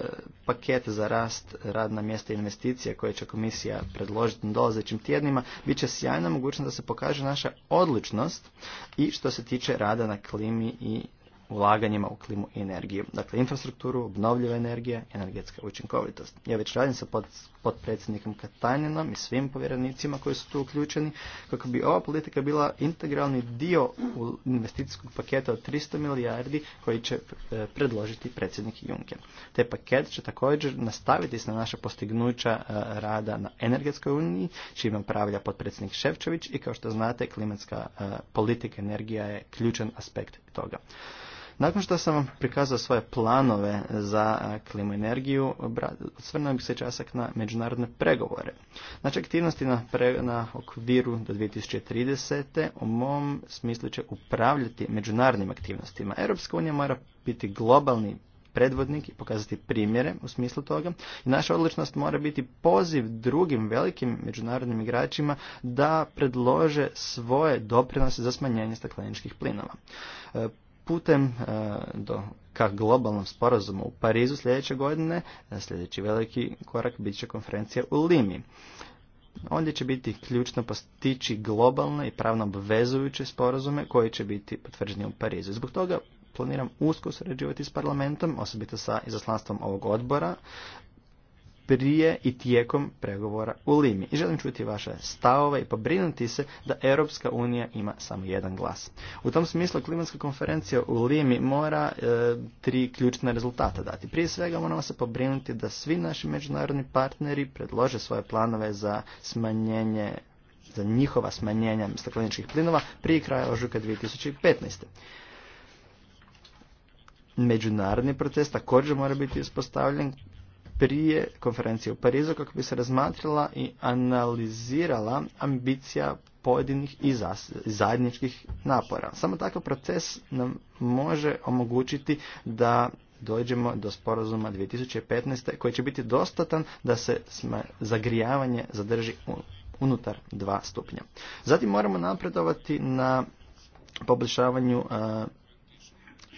paket za rast radna mjesta i investicije koje će komisija predložiti na dolazećim tjednima bit će sjajna mogućnost da se pokaže naša odličnost i što se tiče rada na klimi i ulaganjima u klimu i energiju. Dakle, infrastrukturu, obnovljiva energije, energetska učinkovitost. Ja već radim sa pod potpredsjednikom Kataninom i svim povjerenicima koji su tu uključeni kako bi ova politika bila integralni dio investicijskog paketa od 300 milijardi koji će e, predložiti predsjednik Juncker. Te paket će također nastaviti se na naša postignuća e, rada na energetskoj uniji, čime upravlja potpredsjednik Ševčević i kao što znate klimatska e, politika energija je ključan aspekt toga. Nakon što sam vam prikazao svoje planove za klimu energiju, osvrnuo bih se časak na međunarodne pregovore. Znači aktivnosti na, pre, na okviru do 2030. u mom smislu će upravljati međunarodnim aktivnostima. Europska unija mora biti globalni predvodnik i pokazati primjere u smislu toga. I naša odličnost mora biti poziv drugim velikim međunarodnim igračima da predlože svoje doprinose za smanjenje stakleničkih plinova. E, putem e, do ka globalnom sporazumu u Parizu sljedeće godine, e, sljedeći veliki korak bit će konferencija u Limi. Ondje će biti ključno postići globalne i pravno obvezujuće sporazume koji će biti potvrđeni u Parizu. Zbog toga planiram usko surađivati s parlamentom, osobito sa izaslanstvom ovog odbora, prije i tijekom pregovora u Limi. I želim čuti vaše stavove i pobrinuti se da Europska unija ima samo jedan glas. U tom smislu klimatska konferencija u Limi mora e, tri ključna rezultata dati. Prije svega moramo se pobrinuti da svi naši međunarodni partneri predlože svoje planove za smanjenje za njihova smanjenja stakleničkih plinova prije kraja ožujka 2015. Međunarodni proces također mora biti uspostavljen prije konferencije u Parizu kako bi se razmatrila i analizirala ambicija pojedinih i zajedničkih napora. Samo takav proces nam može omogućiti da dođemo do sporazuma 2015. koji će biti dostatan da se zagrijavanje zadrži unutar dva stupnja. Zatim moramo napredovati na poboljšavanju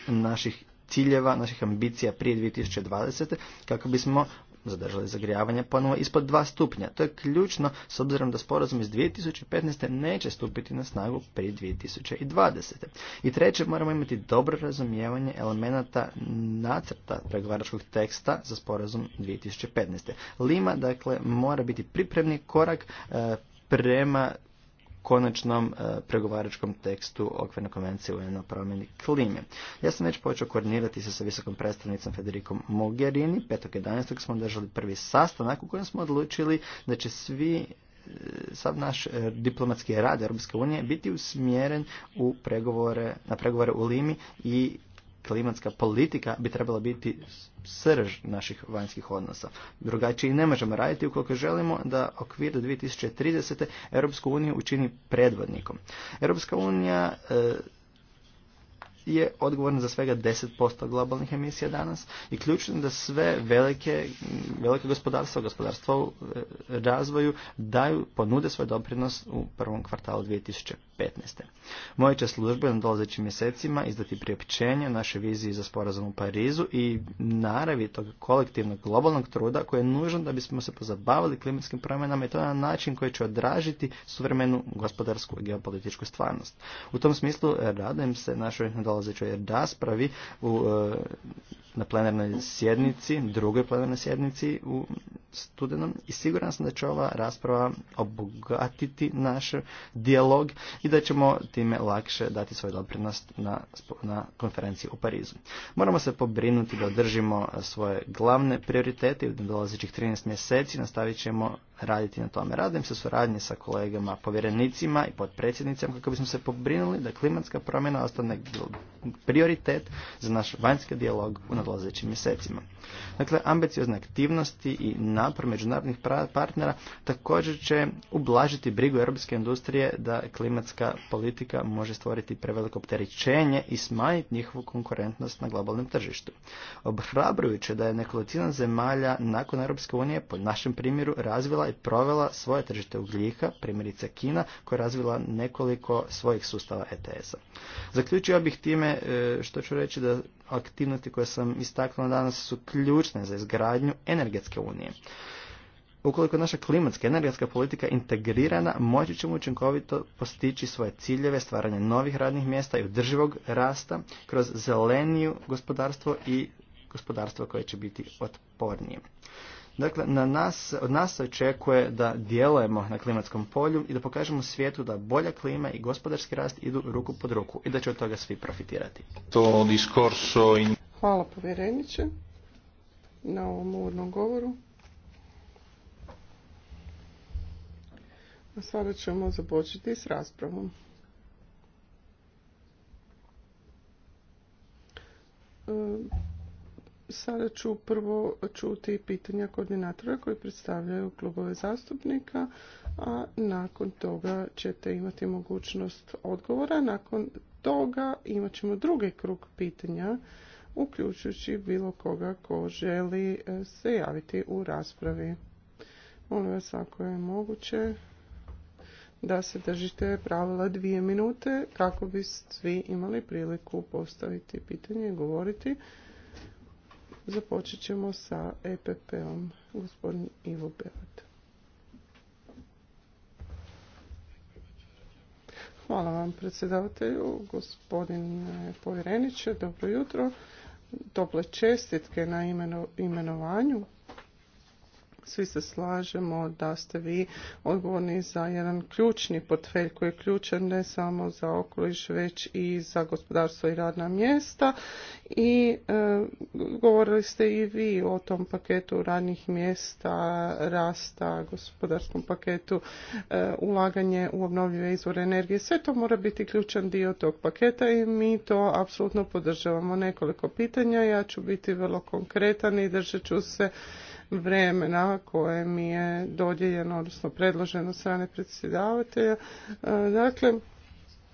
naših ciljeva, naših ambicija prije 2020. kako bismo zadržali zagrijavanje ponovo ispod dva stupnja. To je ključno s obzirom da sporazum iz 2015. neće stupiti na snagu prije 2020. I treće, moramo imati dobro razumijevanje elemenata nacrta pregovaračkog teksta za sporazum 2015. Lima, dakle, mora biti pripremni korak eh, prema konačnom e, pregovaračkom tekstu okvirne konvencije u o promjeni klime. Ja sam već počeo koordinirati se sa visokom predstavnicom Federikom Mogherini. 5.11. smo održali prvi sastanak u kojem smo odlučili da će svi e, sav naš e, diplomatski rad Europske unije biti usmjeren u pregovore, na pregovore u Limi i klimatska politika bi trebala biti srž naših vanjskih odnosa. Drugačije ne možemo raditi ukoliko želimo da okvir do 2030. Europsku uniju učini predvodnikom. Europska unija e, je odgovoran za svega 10% globalnih emisija danas i ključno je da sve velike, velike gospodarstva, gospodarstva u e, razvoju daju, ponude svoj doprinos u prvom kvartalu 2015. Moje će službe na dolazećim mjesecima izdati priopćenje o našoj viziji za sporazum u Parizu i naravi tog kolektivnog globalnog truda koji je nužan da bismo se pozabavili klimatskim promjenama i to na način koji će odražiti suvremenu gospodarsku i geopolitičku stvarnost. U tom smislu radujem se našoj nadolazećoj raspravi u e, na plenarnoj sjednici, drugoj plenarnoj sjednici u studenom i siguran sam da će ova rasprava obogatiti naš dijalog i da ćemo time lakše dati svoj doprinost na, na konferenciji u Parizu. Moramo se pobrinuti da održimo svoje glavne prioritete i u dolazećih 13 mjeseci nastavit ćemo raditi na tome. Radim se suradnje sa kolegama povjerenicima i potpredsjednicama kako bismo se pobrinuli da klimatska promjena ostane prioritet za naš vanjski dijalog u nadolazećim mjesecima. Dakle, ambiciozne aktivnosti i napor međunarodnih partnera također će ublažiti brigu europske industrije da klimatska politika može stvoriti preveliko opterećenje i smanjiti njihovu konkurentnost na globalnom tržištu. Obhrabrujuće da je nekolicina zemalja nakon Europske unije po našem primjeru razvila i provela svoje tržište ugljika, primjerice Kina, koja je razvila nekoliko svojih sustava ETS-a. Zaključio bih time e, što ću reći da aktivnosti koje sam istaknula danas su ključne za izgradnju energetske unije. Ukoliko je naša klimatska energetska politika integrirana, moći ćemo učinkovito postići svoje ciljeve stvaranja novih radnih mjesta i održivog rasta kroz zeleniju gospodarstvo i gospodarstvo koje će biti otpornije. Dakle, na nas, od nas se očekuje da djelujemo na klimatskom polju i da pokažemo svijetu da bolja klima i gospodarski rast idu ruku pod ruku i da će od toga svi profitirati. To diskorso in... Hvala povjereniče na ovom uvodnom govoru. A sada ćemo započeti s raspravom. E Sada ću prvo čuti pitanja koordinatora koji predstavljaju klubove zastupnika, a nakon toga ćete imati mogućnost odgovora. Nakon toga imat ćemo drugi krug pitanja, uključujući bilo koga ko želi e, se javiti u raspravi. Molim vas ako je moguće da se držite pravila dvije minute kako bi svi imali priliku postaviti pitanje i govoriti. Započet ćemo sa EPP-om, gospodin Ivo Belat. Hvala vam predsjedavatelju, gospodin Povjereniće, dobro jutro. Tople čestitke na imenovanju. Svi se slažemo da ste vi odgovorni za jedan ključni portfelj koji je ključan ne samo za okoliš već i za gospodarstvo i radna mjesta i e, govorili ste i vi o tom paketu radnih mjesta, rasta, gospodarskom paketu, e, ulaganje u obnovljive izvore energije. Sve to mora biti ključan dio tog paketa i mi to apsolutno podržavamo. Nekoliko pitanja, ja ću biti vrlo konkretan i držat ću se vremena koje mi je dodijeljeno, odnosno predloženo od strane predsjedavatelja. E, dakle,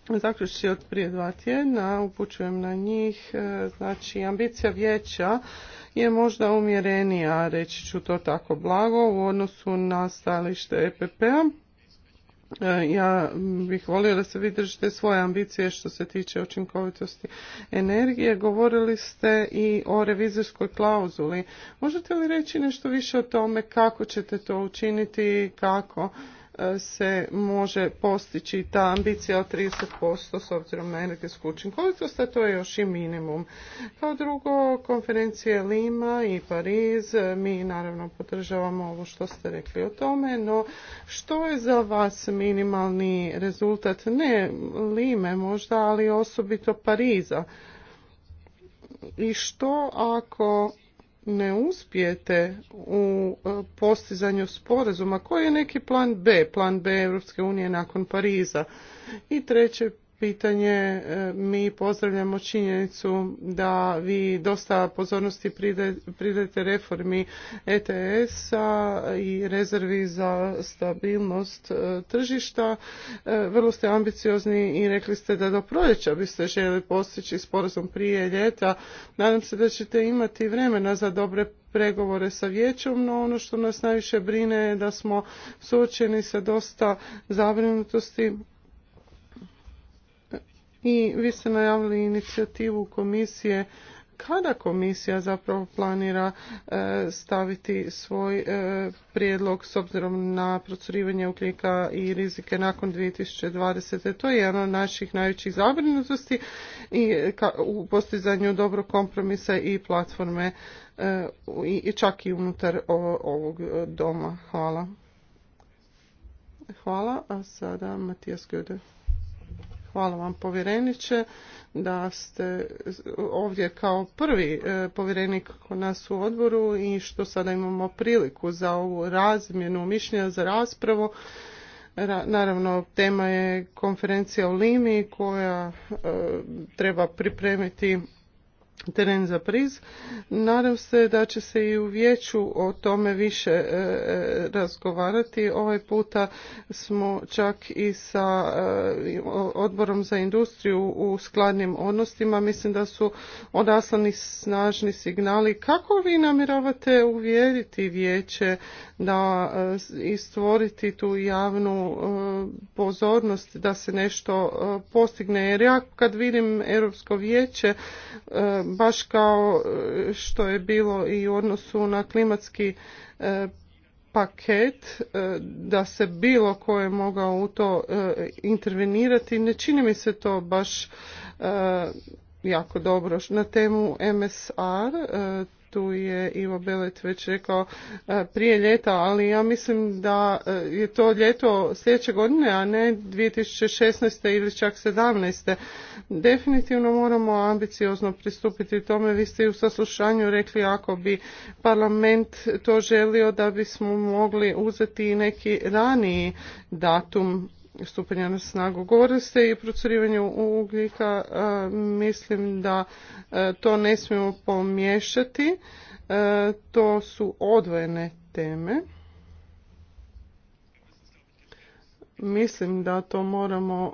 zaključci od prije dva tjedna, upućujem na njih, e, znači ambicija vijeća je možda umjerenija, reći ću to tako blago, u odnosu na stajalište EPP-a E, ja bih volio da se vi držite svoje ambicije što se tiče učinkovitosti energije. Govorili ste i o revizorskoj klauzuli. Možete li reći nešto više o tome kako ćete to učiniti i kako? se može postići ta ambicija od 30% s obzirom na energetsku učinkovitost, a to je još i minimum. Kao drugo, konferencije Lima i Pariz, mi naravno podržavamo ovo što ste rekli o tome, no što je za vas minimalni rezultat? Ne Lime možda, ali osobito Pariza. I što ako ne uspijete u e, postizanju sporazuma, koji je neki plan B, plan B Europske unije nakon Pariza? I treće pitanje. E, mi pozdravljamo činjenicu da vi dosta pozornosti pridajete reformi ETS-a i rezervi za stabilnost e, tržišta. E, vrlo ste ambiciozni i rekli ste da do proljeća biste želi postići sporazum prije ljeta. Nadam se da ćete imati vremena za dobre pregovore sa vijećom, no ono što nas najviše brine je da smo suočeni sa dosta zabrinutosti i vi ste najavili inicijativu komisije kada komisija zapravo planira e, staviti svoj e, prijedlog s obzirom na procurivanje uklika i rizike nakon 2020. To je jedna od naših najvećih zabrinutosti i u postizanju dobro kompromisa i platforme e, i čak i unutar ovog doma. Hvala. Hvala, a sada Matijas Gjodev. Hvala vam povjereniče da ste ovdje kao prvi e, povjerenik kod nas u odboru i što sada imamo priliku za ovu razmjenu mišljenja za raspravu. Naravno, tema je konferencija u Limi koja e, treba pripremiti teren za priz. Nadam se da će se i u vijeću o tome više e, e, razgovarati. Ovaj puta smo čak i sa e, odborom za industriju u skladnim odnostima. Mislim da su odaslani snažni signali. Kako vi namjeravate uvjeriti vijeće da i stvoriti tu javnu pozornost da se nešto postigne? Jer ja kad vidim Europsko vijeće baš kao e, što je bilo i u odnosu na klimatski e, paket e, da se bilo ko je mogao u to intervenirati. Ne čini mi se to baš jako dobro. Na temu MSR tu je Ivo Belet već rekao e, prije ljeta, ali ja mislim da e, je to ljeto sljedeće godine, a ne 2016. ili čak 17. Definitivno moramo ambiciozno pristupiti tome. Vi ste i u saslušanju rekli ako bi parlament to želio da bismo mogli uzeti neki raniji datum stupanja na snagu. Govorili ste i o procurivanju ugljika, e, mislim da e, to ne smijemo pomiješati, e, to su odvojene teme. Mislim da to moramo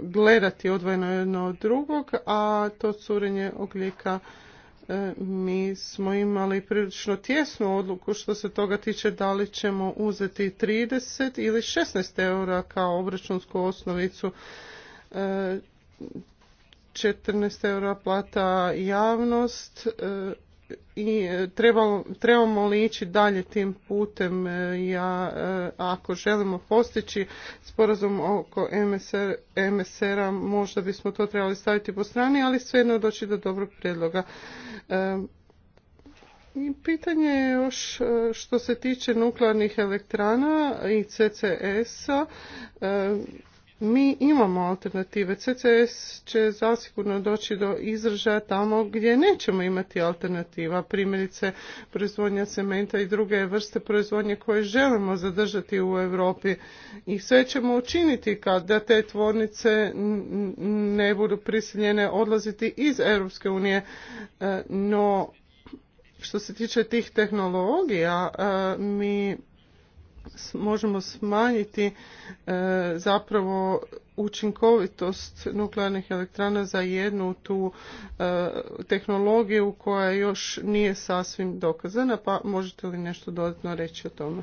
gledati odvojeno jedno od drugog, a to curenje ugljika E, mi smo imali prilično tjesnu odluku što se toga tiče da li ćemo uzeti 30 ili 16 eura kao obračunsku osnovicu. 14 e, eura plata javnost, e, i e, trebamo, trebamo li ići dalje tim putem e, ja, e, ako želimo postići sporazum oko MSR, msr možda bismo to trebali staviti po strani ali svejedno doći do dobrog predloga i pitanje je još što se tiče nuklearnih elektrana i CCS-a mi imamo alternative. CCS će zasigurno doći do izražaja tamo gdje nećemo imati alternativa. Primjerice proizvodnja cementa i druge vrste proizvodnje koje želimo zadržati u Europi. I sve ćemo učiniti kad da te tvornice ne budu prisiljene odlaziti iz Europske unije. E, no što se tiče tih tehnologija, e, mi možemo smanjiti e, zapravo učinkovitost nuklearnih elektrana za jednu tu e, tehnologiju koja još nije sasvim dokazana, pa možete li nešto dodatno reći o tome?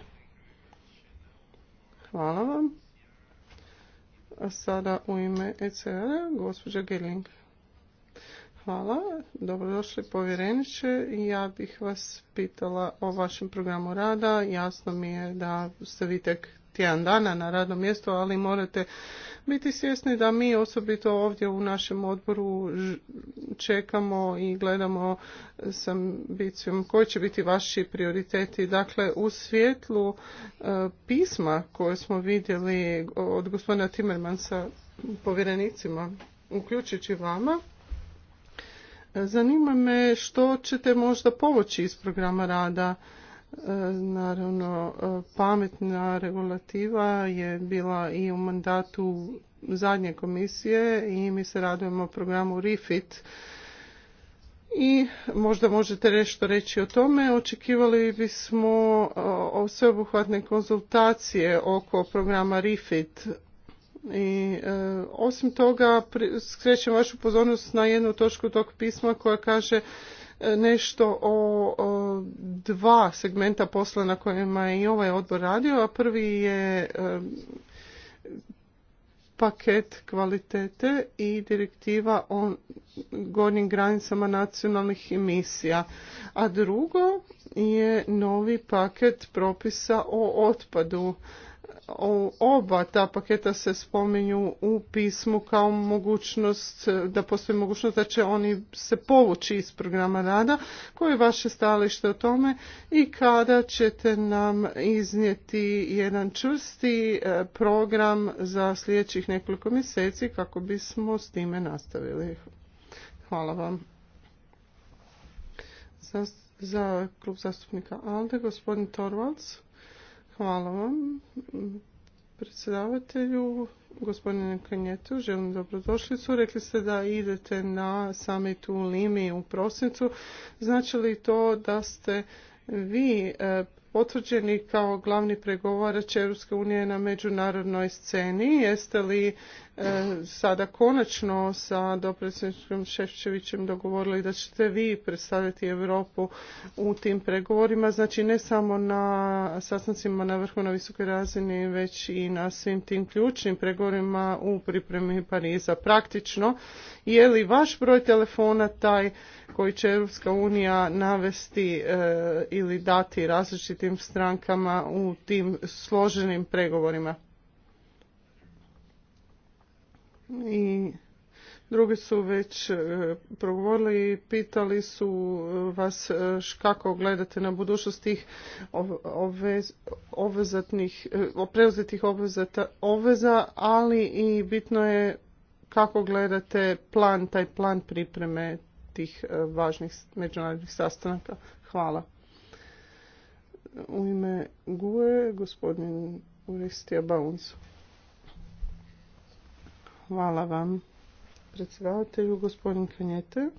Hvala vam. A sada u ime ECR-a gospođa Geling. Hvala, dobrodošli povjereniče. Ja bih vas pitala o vašem programu rada. Jasno mi je da ste vi tek tjedan dana na radnom mjestu, ali morate biti svjesni da mi osobito ovdje u našem odboru čekamo i gledamo s ambicijom koji će biti vaši prioriteti. Dakle, u svjetlu e, pisma koje smo vidjeli od gospodina Timmermansa povjerenicima, uključujući vama, Zanima me što ćete možda povući iz programa rada. E, naravno, e, pametna regulativa je bila i u mandatu zadnje komisije i mi se radujemo programu REFIT. I možda možete nešto reći o tome. Očekivali bismo e, sveobuhvatne konzultacije oko programa REFIT i e, osim toga skrećem vašu pozornost na jednu točku tog pisma koja kaže e, nešto o, dva segmenta posla na kojima je i ovaj odbor radio, a prvi je e, paket kvalitete i direktiva o gornjim granicama nacionalnih emisija. A drugo je novi paket propisa o otpadu oba ta paketa se spominju u pismu kao mogućnost, da postoji mogućnost da će oni se povući iz programa rada. Koje je vaše stalište o tome i kada ćete nam iznijeti jedan čvrsti e, program za sljedećih nekoliko mjeseci kako bismo s time nastavili? Hvala vam. za klub zastupnika ALDE, gospodin Torvalds. Hvala vam predsjedavatelju, gospodine Kanjetu, želim dobrodošlicu. Rekli ste da idete na summit u Limi u prosincu. Znači li to da ste vi e, potvrđeni kao glavni pregovarač Europske unije na međunarodnoj sceni? Jeste li E, sada konačno sa dopredsjednikom Šefčevićem dogovorili da ćete vi predstaviti Europu u tim pregovorima, znači ne samo na sastancima na vrhu na visokoj razini, već i na svim tim ključnim pregovorima u pripremi Pariza. Praktično, je li vaš broj telefona taj koji će Europska unija navesti e, ili dati različitim strankama u tim složenim pregovorima? i drugi su već e, progovorili i pitali su e, vas e, kako gledate na budućnost tih preuzetih obveza, ali i bitno je kako gledate plan, taj plan pripreme tih važnih međunarodnih sastanaka. Hvala. U ime GUE, gospodin Uristija Hvala vam, predsjedavatelju, gospodin Kanjete.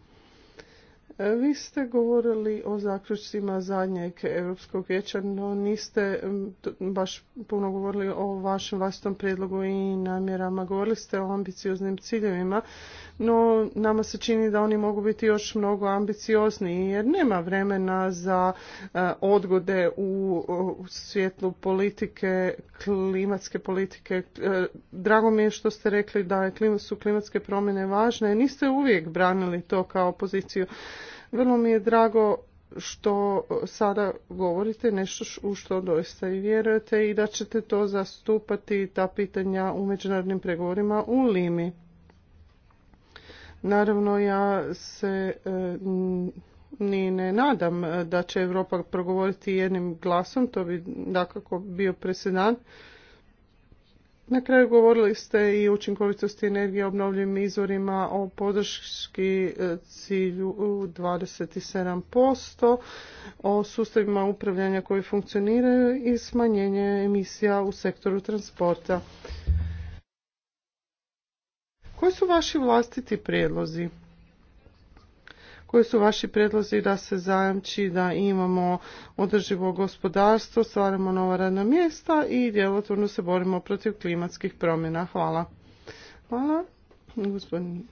E, vi ste govorili o zaključcima zadnjeg Europskog vijeća, no niste baš puno govorili o vašem vlastitom prijedlogu i namjerama. Govorili ste o ambicioznim ciljevima no nama se čini da oni mogu biti još mnogo ambiciozniji jer nema vremena za e, odgode u svjetlu politike, klimatske politike. E, drago mi je što ste rekli da su klimatske promjene važne. Niste uvijek branili to kao poziciju. Vrlo mi je drago što sada govorite, nešto u što doista i vjerujete i da ćete to zastupati ta pitanja u međunarodnim pregovorima u Limi. Naravno ja se e, ni ne nadam e, da će Europa progovoriti jednim glasom, to bi dakako bio presedan. Na kraju govorili ste i o učinkovitosti energije obnovljivim izvorima o podrški e, cilju 27%, o sustavima upravljanja koji funkcioniraju i smanjenje emisija u sektoru transporta. Koji su vaši vlastiti prijedlozi? Koji su vaši prijedlozi da se zajamči da imamo održivo gospodarstvo, stvaramo nova radna mjesta i djelotvorno se borimo protiv klimatskih promjena? Hvala. Hvala, gospodin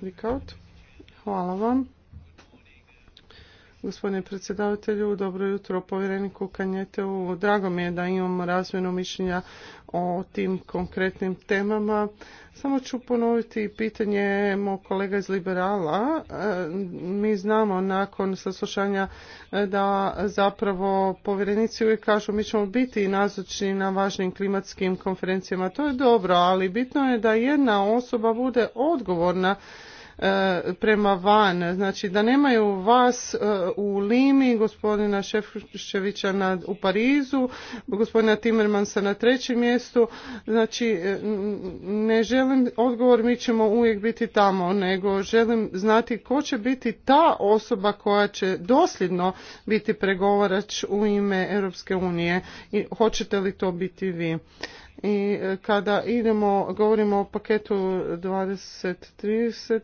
Rikaut. Hvala vam. Gospodine predsjedavatelju, dobro jutro povjereniku Kanjeteu. Drago mi je da imamo razmjenu mišljenja o tim konkretnim temama. Samo ću ponoviti pitanje mog kolega iz Liberala. E, mi znamo nakon saslušanja e, da zapravo povjerenici uvijek kažu mi ćemo biti nazočni na važnim klimatskim konferencijama. To je dobro, ali bitno je da jedna osoba bude odgovorna E, prema van, znači da nemaju vas e, u Limi, gospodina Šefčevića u Parizu, gospodina Timmermansa na trećem mjestu, znači e, ne želim odgovor mi ćemo uvijek biti tamo, nego želim znati ko će biti ta osoba koja će dosljedno biti pregovarač u ime Europske unije i hoćete li to biti vi. I e, kada idemo, govorimo o paketu 2030, e,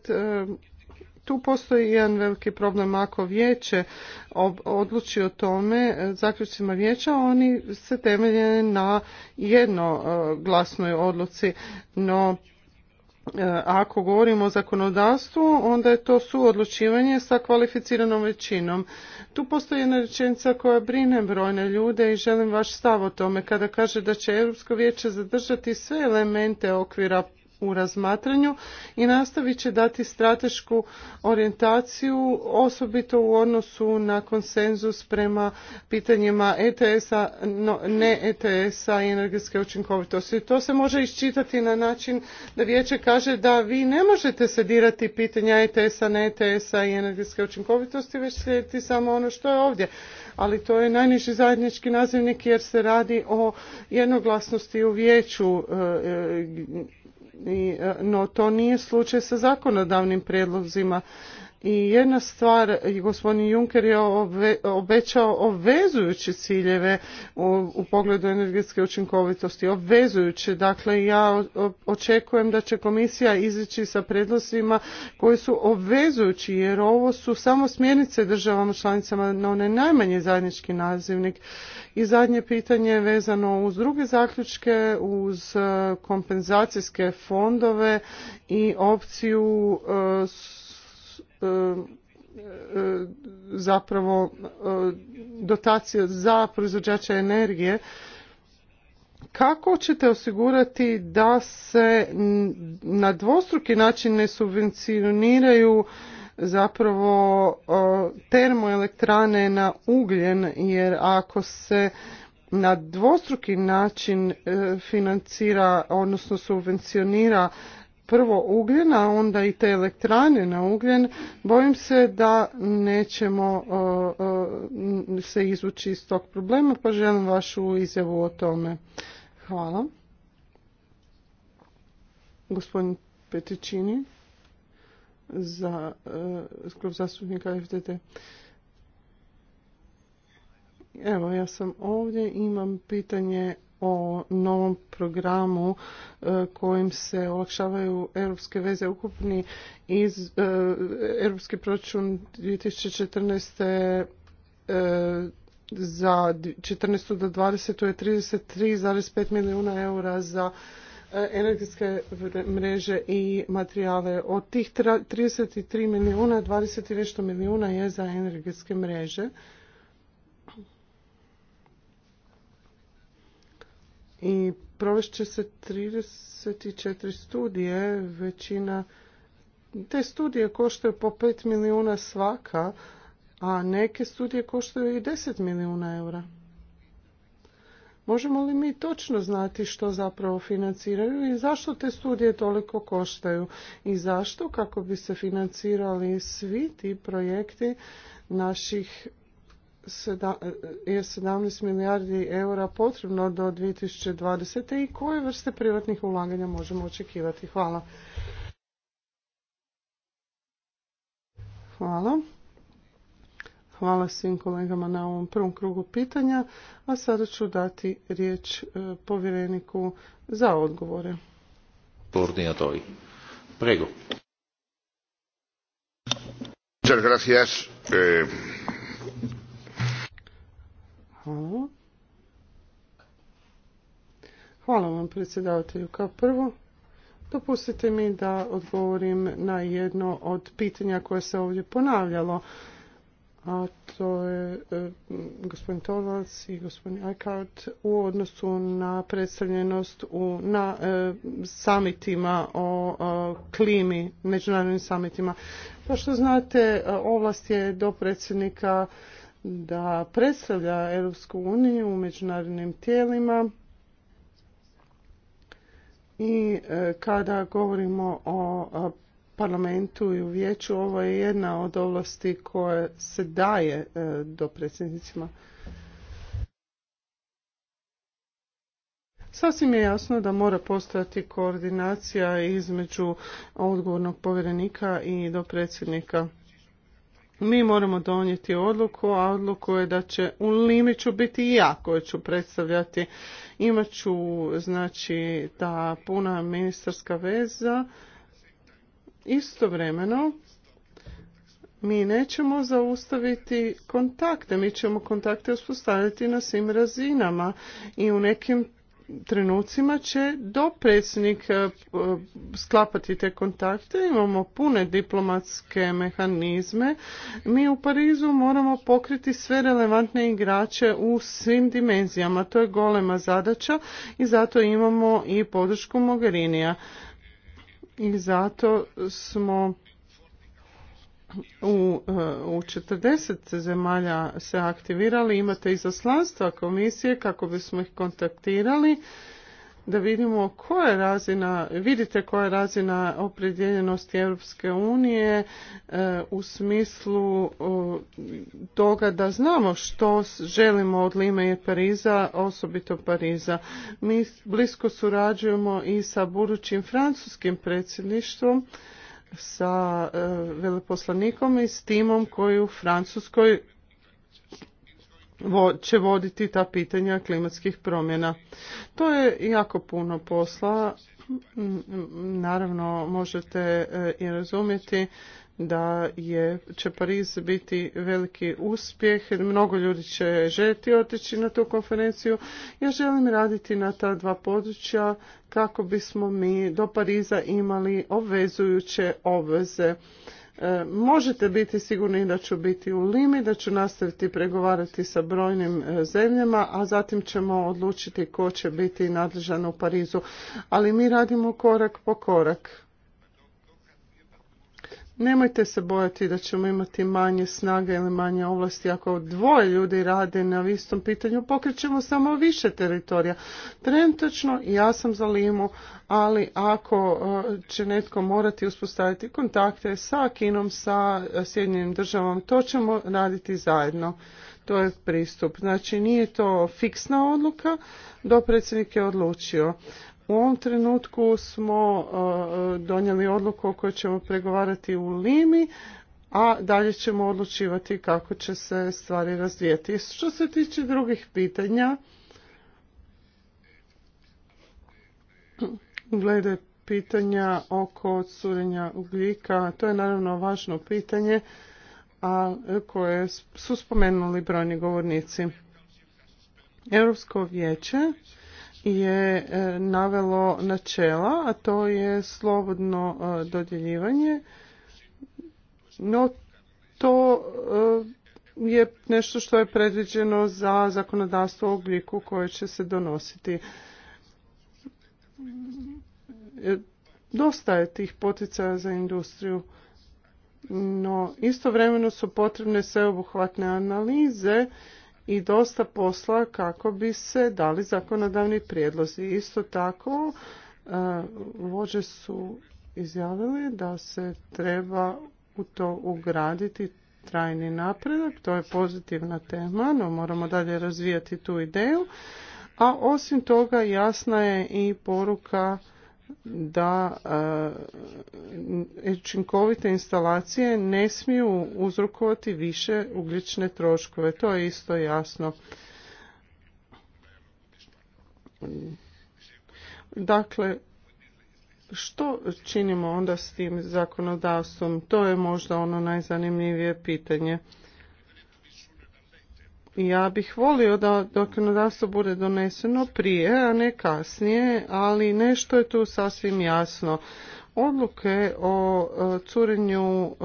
tu postoji jedan veliki problem ako vijeće odluči o tome e, zaključcima vijeća oni se temelje na jednoglasnoj odluci no E, ako govorimo o zakonodavstvu, onda je to suodlučivanje sa kvalificiranom većinom. Tu postoji jedna rečenica koja brine brojne ljude i želim vaš stav o tome kada kaže da će Europsko vijeće zadržati sve elemente okvira u razmatranju i nastavit će dati stratešku orijentaciju osobito u odnosu na konsenzus prema pitanjima ETS-a, ne ETS-a i energetske učinkovitosti. To se može iščitati na način da vijeće kaže da vi ne možete se dirati pitanja ETS-a, ne ETS-a i energetske učinkovitosti, već slijediti samo ono što je ovdje. Ali to je najniži zajednički nazivnik jer se radi o jednoglasnosti u vijeću e, E, no to nije slučaj sa zakonodavnim prijedlozima i jedna stvar, gospodin Juncker je obećao obvezujući ciljeve u, pogledu energetske učinkovitosti, obvezujući. Dakle, ja očekujem da će komisija izići sa predlosima koji su obvezujući, jer ovo su samo smjernice državama članicama na onaj najmanji zajednički nazivnik. I zadnje pitanje vezano uz druge zaključke, uz e, kompenzacijske fondove i opciju e, E, e, zapravo e, dotacije za proizvođače energije kako ćete osigurati da se na dvostruki način ne subvencioniraju zapravo termoelektrane na ugljen jer ako se na dvostruki način financira odnosno subvencionira prvo ugljen, a onda i te elektrane na ugljen, bojim se da nećemo se izvući iz tog problema, pa želim vašu izjavu o tome. Hvala. Gospodin Petičini za e, klub zastupnika FDT. Evo, ja sam ovdje, imam pitanje o novom programu e, kojim se olakšavaju europske veze ukupni iz e, europski proračun 2014 e, za 14. do 20. je 33,5 milijuna eura za energetske mreže i materijale. Od tih 33 milijuna, 20 i nešto milijuna je za energetske mreže. i će se 34 studije, većina te studije koštaju po 5 milijuna svaka, a neke studije koštaju i 10 milijuna eura. Možemo li mi točno znati što zapravo financiraju i zašto te studije toliko koštaju i zašto kako bi se financirali svi ti projekti naših E, je 17 milijardi eura potrebno do 2020. i koje vrste privatnih ulaganja možemo očekivati? Hvala. Hvala. Hvala svim kolegama na ovom prvom krugu pitanja, a sada ću dati riječ e, povjereniku za odgovore. Prego. Hvala. vam predsjedavatelju. Kao prvo, dopustite mi da odgovorim na jedno od pitanja koje se ovdje ponavljalo, a to je e, gospodin Torvalds i gospodin Eckhart u odnosu na predstavljenost u, na e, samitima o klimi, međunarodnim samitima. Kao pa što znate, e, ovlast je do predsjednika da predstavlja Europsku uniju u međunarodnim tijelima i e, kada govorimo o parlamentu i u vijeću, ovo je jedna od ovlasti koje se daje e, do predsjednicima. Sasvim je jasno da mora postojati koordinacija između odgovornog povjerenika i dopredsjednika mi moramo donijeti odluku, a odluku je da će u Limiću biti i ja koju ću predstavljati. Imaću znači ta puna ministarska veza. Istovremeno mi nećemo zaustaviti kontakte, mi ćemo kontakte uspostaviti na svim razinama i u nekim trenucima će predsjednik eh, sklapati te kontakte. Imamo pune diplomatske mehanizme. Mi u Parizu moramo pokriti sve relevantne igrače u svim dimenzijama. To je golema zadaća i zato imamo i podršku Mogherinija. I zato smo u, eh, u 40 zemalja se aktivirali, imate izaslanstva komisije kako bismo ih kontaktirali da vidimo koja je razina, vidite koja je razina opredjeljenosti Europske unije eh, u smislu toga da znamo što želimo od Lime i Pariza, osobito Pariza. Mi blisko surađujemo i sa budućim francuskim predsjedništvom sa e, veleposlanikom i s timom koji u Francuskoj će voditi ta pitanja klimatskih promjena. To je jako puno posla. Naravno, možete e, i razumjeti da je, će Pariz biti veliki uspjeh. Mnogo ljudi će željeti otići na tu konferenciju. Ja želim raditi na ta dva područja kako bismo mi do Pariza imali obvezujuće obveze. E, možete biti sigurni da ću biti u Limi, da ću nastaviti pregovarati sa brojnim e, zemljama, a zatim ćemo odlučiti ko će biti nadležan u Parizu. Ali mi radimo korak po korak Nemojte se bojati da ćemo imati manje snage ili manje ovlasti. Ako dvoje ljudi rade na istom pitanju, pokrećemo samo više teritorija. Trenutačno ja sam za limu, ali ako e, će netko morati uspostaviti kontakte sa Kinom, sa Sjedinjenim državom, to ćemo raditi zajedno. To je pristup. Znači nije to fiksna odluka, do je odlučio. U ovom trenutku smo e, donijeli odluku o kojoj ćemo pregovarati u Limi, a dalje ćemo odlučivati kako će se stvari razvijeti. Što se tiče drugih pitanja, glede pitanja oko curenja ugljika, to je naravno važno pitanje a koje su spomenuli brojni govornici. Europsko vijeće je e, navelo načela, a to je slobodno e, dodjeljivanje, no to e, je nešto što je predviđeno za zakonodavstvo u obliku koje će se donositi. Dosta je tih poticaja za industriju, no istovremeno su potrebne sveobuhvatne analize i dosta posla kako bi se dali zakonodavni prijedlozi. Isto tako, e, vođe su izjavili da se treba u to ugraditi trajni napredak, to je pozitivna tema, no moramo dalje razvijati tu ideju, a osim toga jasna je i poruka da e, učinkovite instalacije ne smiju uzrokovati više ugljične troškove. To je isto jasno. Dakle, što činimo onda s tim zakonodavstvom? To je možda ono najzanimljivije pitanje ja bih volio da zakonodavstvo bude doneseno prije, a ne kasnije, ali nešto je tu sasvim jasno. Odluke o e, curenju e,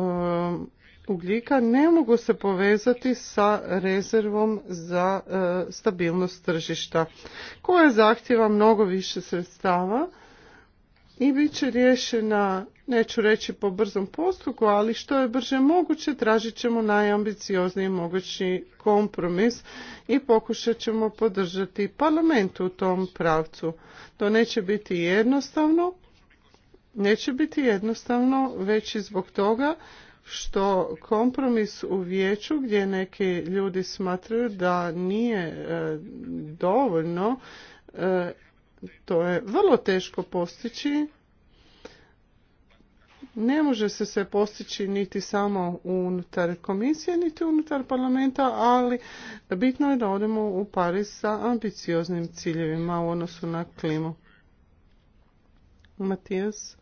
ugljika ne mogu se povezati sa rezervom za e, stabilnost tržišta, koja zahtjeva mnogo više sredstava i bit će riješena, neću reći po brzom postupku, ali što je brže moguće tražit ćemo najambiciozniji mogući kompromis i pokušat ćemo podržati parlament u tom pravcu. To neće biti jednostavno, neće biti jednostavno već i zbog toga što kompromis u vijeću gdje neki ljudi smatraju da nije e, dovoljno e, to je vrlo teško postići. Ne može se sve postići niti samo unutar komisije, niti unutar parlamenta, ali bitno je da odemo u Pariz sa ambicioznim ciljevima u odnosu na klimu. Matijas.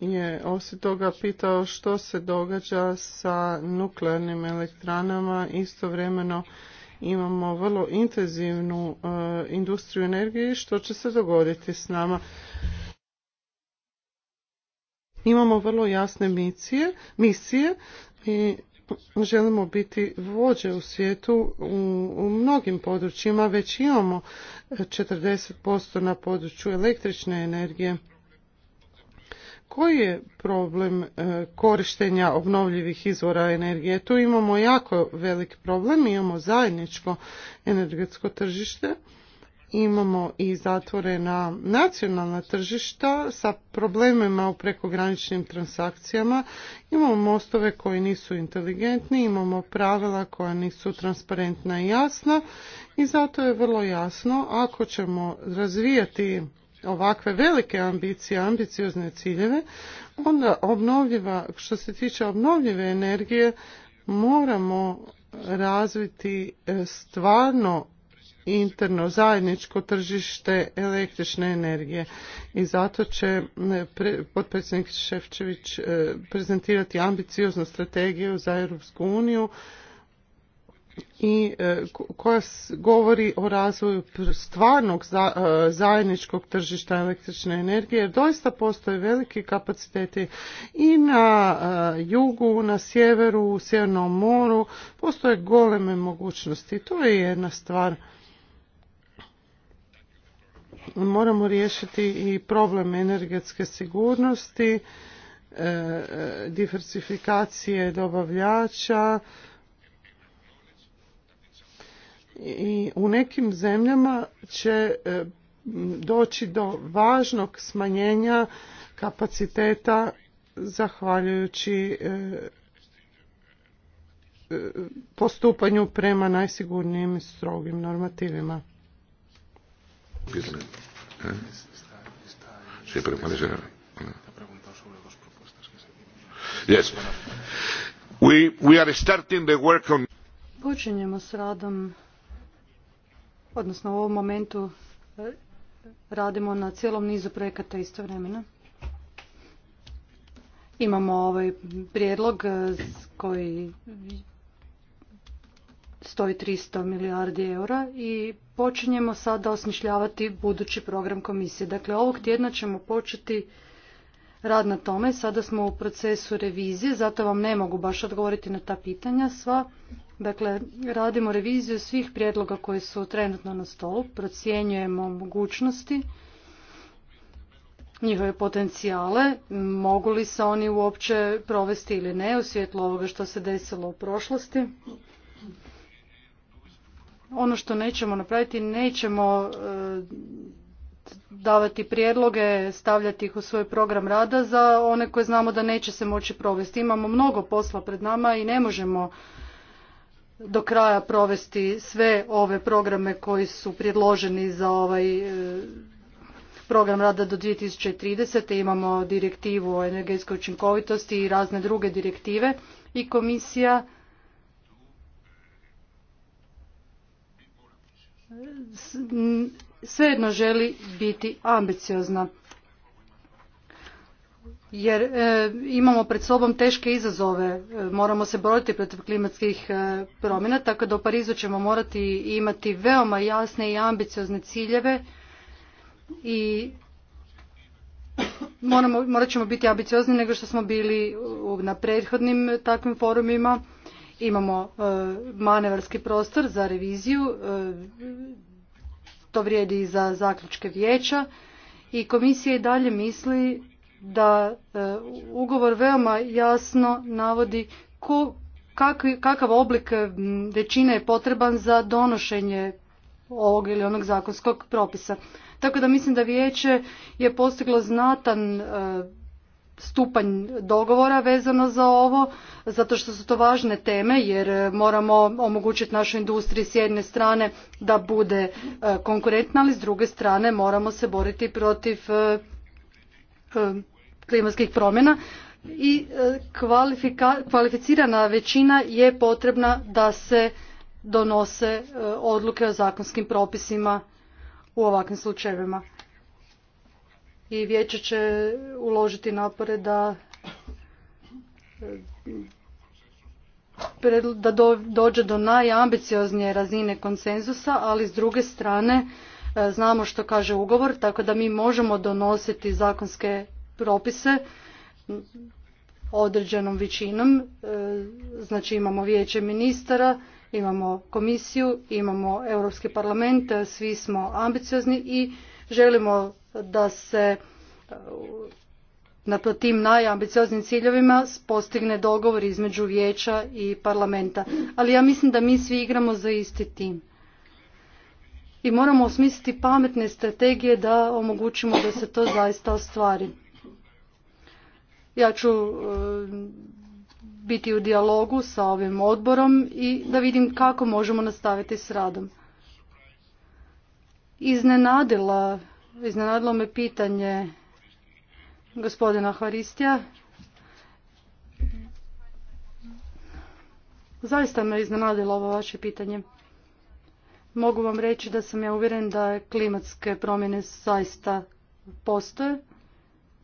je osim toga pitao što se događa sa nuklearnim elektranama istovremeno imamo vrlo intenzivnu e, industriju energije što će se dogoditi s nama imamo vrlo jasne misije, misije i želimo biti vođe u svijetu u, u mnogim područjima već imamo 40% na području električne energije koji je problem e, korištenja obnovljivih izvora energije? Tu imamo jako velik problem, imamo zajedničko energetsko tržište, imamo i zatvorena nacionalna tržišta sa problemima u prekograničnim transakcijama, imamo mostove koji nisu inteligentni, imamo pravila koja nisu transparentna i jasna i zato je vrlo jasno ako ćemo razvijati ovakve velike ambicije, ambiciozne ciljeve, onda obnovljiva, što se tiče obnovljive energije, moramo razviti e, stvarno interno zajedničko tržište električne energije i zato će potpredsjednik Šefčević e, prezentirati ambicioznu strategiju za Europsku uniju i e, koja govori o razvoju stvarnog e, zajedničkog tržišta električne energije jer doista postoje veliki kapaciteti i na e, jugu, na sjeveru, u sjevernom moru, postoje goleme mogućnosti. To je jedna stvar. Moramo riješiti i problem energetske sigurnosti, diversifikacije dobavljača, i u nekim zemljama će e, doći do važnog smanjenja kapaciteta zahvaljujući e, e, postupanju prema najsigurnijim i strogim normativima. Počinjemo s radom odnosno u ovom momentu e, radimo na cijelom nizu projekata istovremeno. Imamo ovaj prijedlog e, koji stoji 300 milijardi eura i počinjemo sada osmišljavati budući program komisije. Dakle, ovog tjedna ćemo početi rad na tome. Sada smo u procesu revizije, zato vam ne mogu baš odgovoriti na ta pitanja sva, Dakle, radimo reviziju svih prijedloga koji su trenutno na stolu, procjenjujemo mogućnosti, njihove potencijale, mogu li se oni uopće provesti ili ne u svjetlu ovoga što se desilo u prošlosti. Ono što nećemo napraviti, nećemo e, davati prijedloge, stavljati ih u svoj program rada za one koje znamo da neće se moći provesti. Imamo mnogo posla pred nama i ne možemo do kraja provesti sve ove programe koji su predloženi za ovaj e, program rada do 2030. Imamo direktivu o energetskoj učinkovitosti i razne druge direktive i komisija svejedno želi biti ambiciozna jer e, imamo pred sobom teške izazove e, moramo se boriti protiv klimatskih e, promjena tako da u parizu ćemo morati imati veoma jasne i ambiciozne ciljeve i morat ćemo biti ambiciozni nego što smo bili na prethodnim takvim forumima imamo manevarski prostor za reviziju to vrijedi i za zaključke vijeća i komisija i dalje misli da e, ugovor veoma jasno navodi ko, kakvi, kakav oblik većine je potreban za donošenje ovog ili onog zakonskog propisa. Tako da mislim da vijeće je postiglo znatan e, stupanj dogovora vezano za ovo, zato što su to važne teme jer e, moramo omogućiti našoj industriji s jedne strane da bude konkurentna, ali s druge strane moramo se boriti protiv Um, klimatskih promjena i uh, kvalificirana većina je potrebna da se donose uh, odluke o zakonskim propisima u ovakvim slučajevima. I vijeće će uložiti napore da uh, da dođe do najambicioznije razine konsenzusa, ali s druge strane E, znamo što kaže ugovor, tako da mi možemo donositi zakonske propise određenom većinom, e, znači imamo vijeće ministara, imamo komisiju, imamo Europski parlament, svi smo ambiciozni i želimo da se e, na tim najambicioznim ciljevima postigne dogovor između vijeća i parlamenta. Ali ja mislim da mi svi igramo za isti tim i moramo osmisliti pametne strategije da omogućimo da se to zaista ostvari. Ja ću e, biti u dijalogu sa ovim odborom i da vidim kako možemo nastaviti s radom. iznenadilo me pitanje gospodina Haristija. Zaista me iznenadilo ovo vaše pitanje mogu vam reći da sam ja uvjeren da klimatske promjene zaista postoje.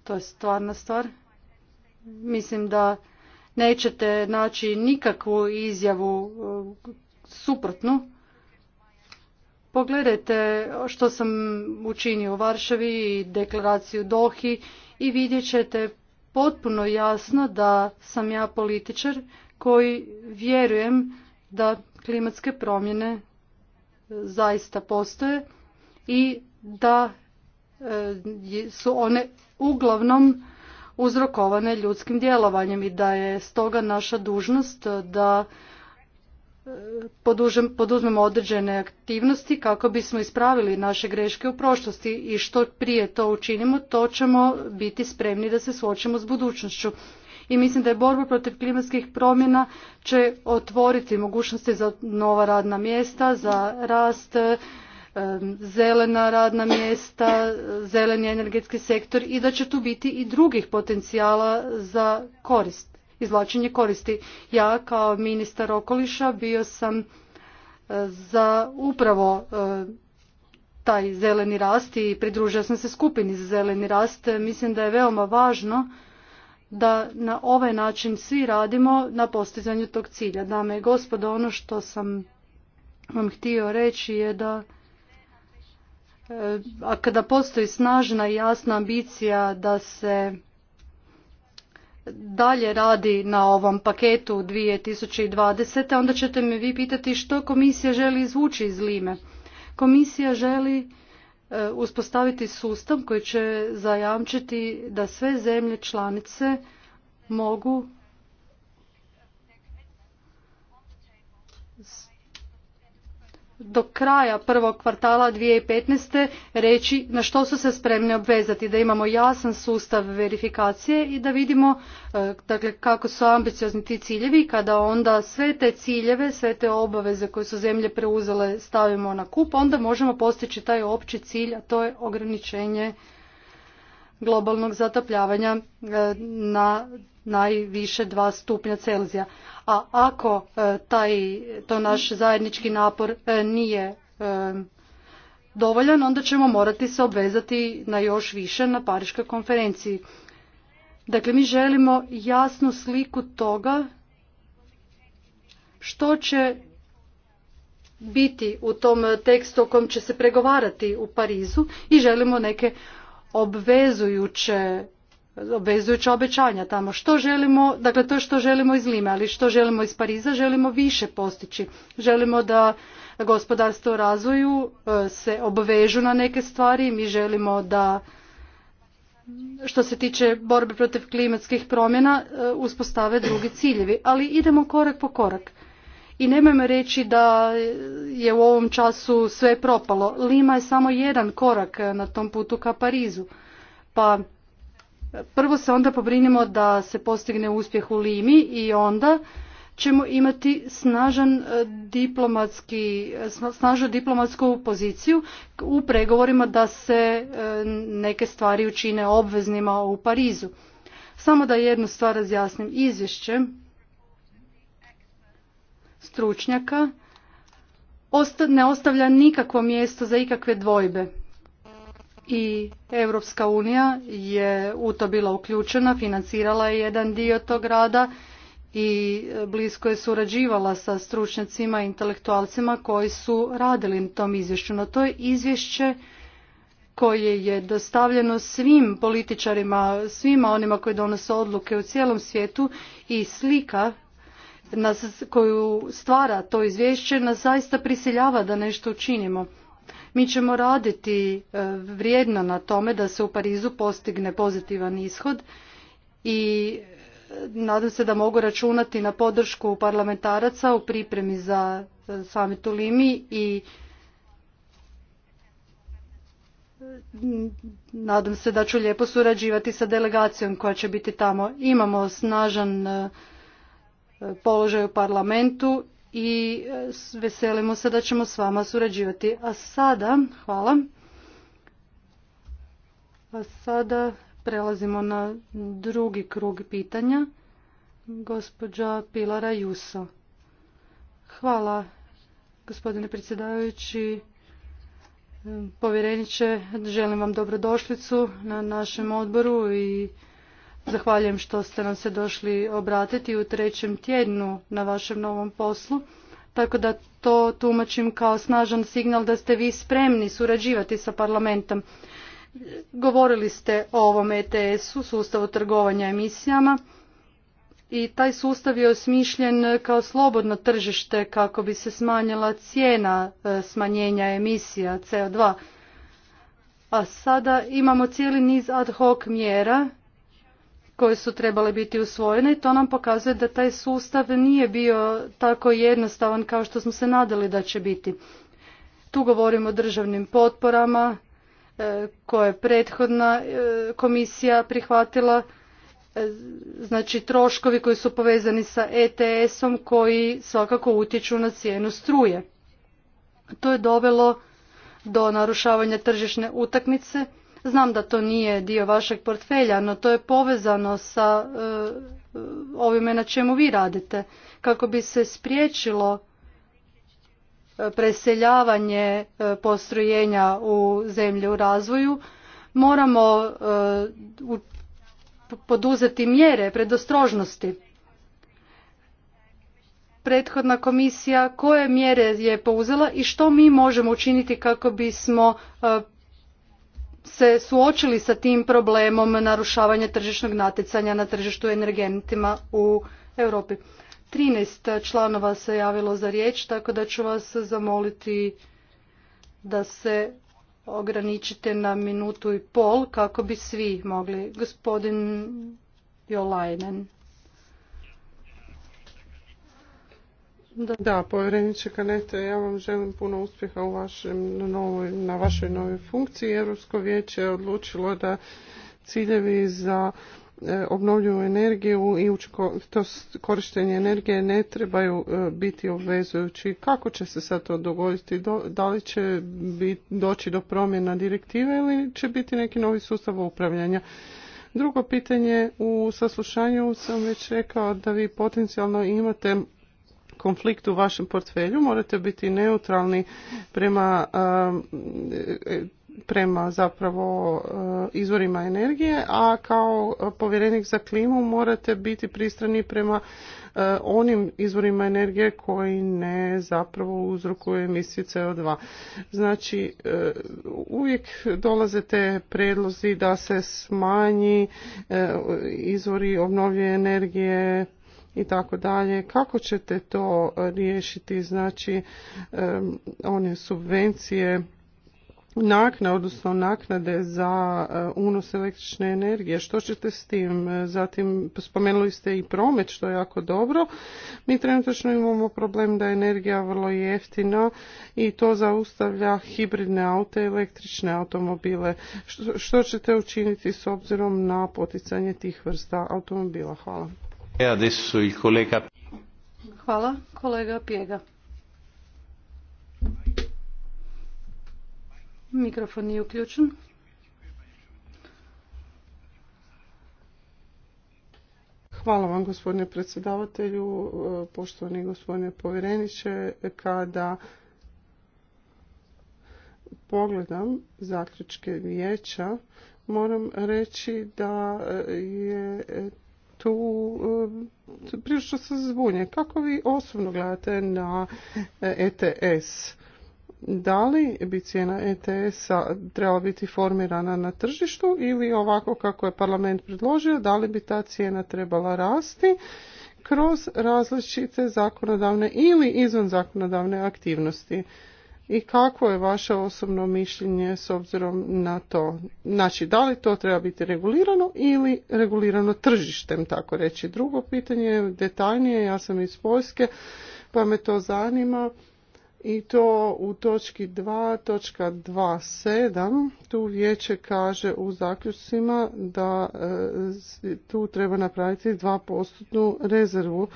To je stvarna stvar. Mislim da nećete naći nikakvu izjavu e, suprotnu. Pogledajte što sam učinio u Varšavi i deklaraciju Dohi i vidjet ćete potpuno jasno da sam ja političar koji vjerujem da klimatske promjene zaista postoje i da e, su one uglavnom uzrokovane ljudskim djelovanjem i da je stoga naša dužnost da e, poduzmemo određene aktivnosti kako bismo ispravili naše greške u prošlosti i što prije to učinimo to ćemo biti spremni da se suočimo s budućnošću i mislim da je borba protiv klimatskih promjena će otvoriti mogućnosti za nova radna mjesta, za rast, zelena radna mjesta, zeleni energetski sektor i da će tu biti i drugih potencijala za korist, izvlačenje koristi. Ja kao ministar okoliša bio sam e, za upravo e, taj zeleni rast i pridružio sam se skupini za zeleni rast. Mislim da je veoma važno da na ovaj način svi radimo na postizanju tog cilja. Dame i gospodo, ono što sam vam htio reći je da e, a kada postoji snažna i jasna ambicija da se dalje radi na ovom paketu 2020. onda ćete me vi pitati što komisija želi izvući iz Lime. Komisija želi E, uspostaviti sustav koji će zajamčiti da sve zemlje članice mogu do kraja prvog kvartala 2015. reći na što su se spremni obvezati, da imamo jasan sustav verifikacije i da vidimo e, dakle, kako su ambiciozni ti ciljevi, kada onda sve te ciljeve, sve te obaveze koje su zemlje preuzele stavimo na kup, onda možemo postići taj opći cilj, a to je ograničenje globalnog zatopljavanja e, na najviše dva stupnja Celzija a ako e, taj, to naš zajednički napor e, nije e, dovoljan, onda ćemo morati se obvezati na još više na Pariškoj konferenciji. Dakle, mi želimo jasnu sliku toga što će biti u tom tekstu o kojem će se pregovarati u Parizu i želimo neke obvezujuće obvezujuća obećanja tamo. Što želimo, dakle to što želimo iz Lime, ali što želimo iz Pariza, želimo više postići. Želimo da gospodarstvo u razvoju e, se obvežu na neke stvari, mi želimo da što se tiče borbe protiv klimatskih promjena e, uspostave drugi ciljevi, ali idemo korak po korak. I nemojmo reći da je u ovom času sve propalo. Lima je samo jedan korak na tom putu ka Parizu. Pa prvo se onda pobrinimo da se postigne uspjeh u Limi i onda ćemo imati snažan e, diplomatski, e, snažnu diplomatsku poziciju u pregovorima da se e, neke stvari učine obveznima u Parizu. Samo da jednu stvar razjasnim. Izvješće stručnjaka ne ostavlja nikakvo mjesto za ikakve dvojbe i Europska unija je u to bila uključena, financirala je jedan dio tog rada i blisko je surađivala sa stručnjacima i intelektualcima koji su radili na tom izvješću. No to je izvješće koje je dostavljeno svim političarima, svima onima koji donose odluke u cijelom svijetu i slika koju stvara to izvješće nas zaista prisiljava da nešto učinimo. Mi ćemo raditi e, vrijedno na tome da se u Parizu postigne pozitivan ishod i e, nadam se da mogu računati na podršku parlamentaraca u pripremi za e, samitu u Limi i nadam se da ću lijepo surađivati sa delegacijom koja će biti tamo. Imamo snažan položaj u parlamentu i e, veselimo se da ćemo s vama surađivati. A sada, hvala, a sada prelazimo na drugi krug pitanja. Gospođa Pilara Juso. Hvala, gospodine predsjedavajući. Povjereniče, želim vam dobrodošlicu na našem odboru i Zahvaljujem što ste nam se došli obratiti u trećem tjednu na vašem novom poslu, tako da to tumačim kao snažan signal da ste vi spremni surađivati sa parlamentom. Govorili ste o ovom ETS-u, sustavu trgovanja emisijama i taj sustav je osmišljen kao slobodno tržište kako bi se smanjila cijena e, smanjenja emisija CO2. A sada imamo cijeli niz ad hoc mjera koje su trebale biti usvojene i to nam pokazuje da taj sustav nije bio tako jednostavan kao što smo se nadali da će biti. Tu govorimo o državnim potporama e, koje je prethodna e, komisija prihvatila, e, znači troškovi koji su povezani sa ETS-om koji svakako utječu na cijenu struje. To je dovelo do narušavanja tržišne utakmice Znam da to nije dio vašeg portfelja, no to je povezano sa e, ovime na čemu vi radite, kako bi se spriječilo e, preseljavanje e, postrojenja u zemlje u razvoju, moramo poduzeti mjere predostrožnosti. Prethodna komisija koje mjere je pouzela i što mi možemo učiniti kako bismo se suočili sa tim problemom narušavanja tržišnog natjecanja na tržištu energentima u Europi. 13 članova se javilo za riječ, tako da ću vas zamoliti da se ograničite na minutu i pol kako bi svi mogli. Gospodin Jolajnen. Da, da povjereniče Kanete, ja vam želim puno uspjeha u vašem novoj, na vašoj novoj funkciji. Europsko vijeće je odlučilo da ciljevi za e, obnovljivu energiju i korištenje energije ne trebaju e, biti obvezujući. Kako će se sad to dogoditi? Da li će doći do promjena direktive ili će biti neki novi sustav upravljanja? Drugo pitanje, u saslušanju sam već rekao da vi potencijalno imate konflikt u vašem portfelju, morate biti neutralni prema um, prema zapravo uh, izvorima energije, a kao povjerenik za klimu morate biti pristrani prema uh, onim izvorima energije koji ne zapravo uzrokuju emisiju CO2. Znači, uh, uvijek dolaze te predlozi da se smanji izvori obnovljive energije, i tako dalje. Kako ćete to e, riješiti? Znači, e, one subvencije naknade odnosno naknade za e, unos električne energije. Što ćete s tim? Zatim spomenuli ste i promet, što je jako dobro. Mi trenutno imamo problem da je energija vrlo jeftina i to zaustavlja hibridne aute, električne automobile. Što ćete učiniti s obzirom na poticanje tih vrsta automobila? Hvala. E, Hvala, kolega Mikrofon nije uključen. Hvala vam gospodine predsjedavatelju, poštovani gospodine povjereniče. Kada pogledam zaključke vijeća, moram reći da je tu e, prilično se zbunje. Kako vi osobno gledate na ETS? E da li bi cijena ETS-a trebala biti formirana na tržištu ili ovako kako je parlament predložio, da li bi ta cijena trebala rasti kroz različite zakonodavne ili izvan zakonodavne aktivnosti? i kako je vaše osobno mišljenje s obzirom na to? Znači, da li to treba biti regulirano ili regulirano tržištem, tako reći? Drugo pitanje je detaljnije, ja sam iz Poljske, pa me to zanima. I to u točki 2.27 tu vijeće kaže u zaključcima da e, tu treba napraviti 2% rezervu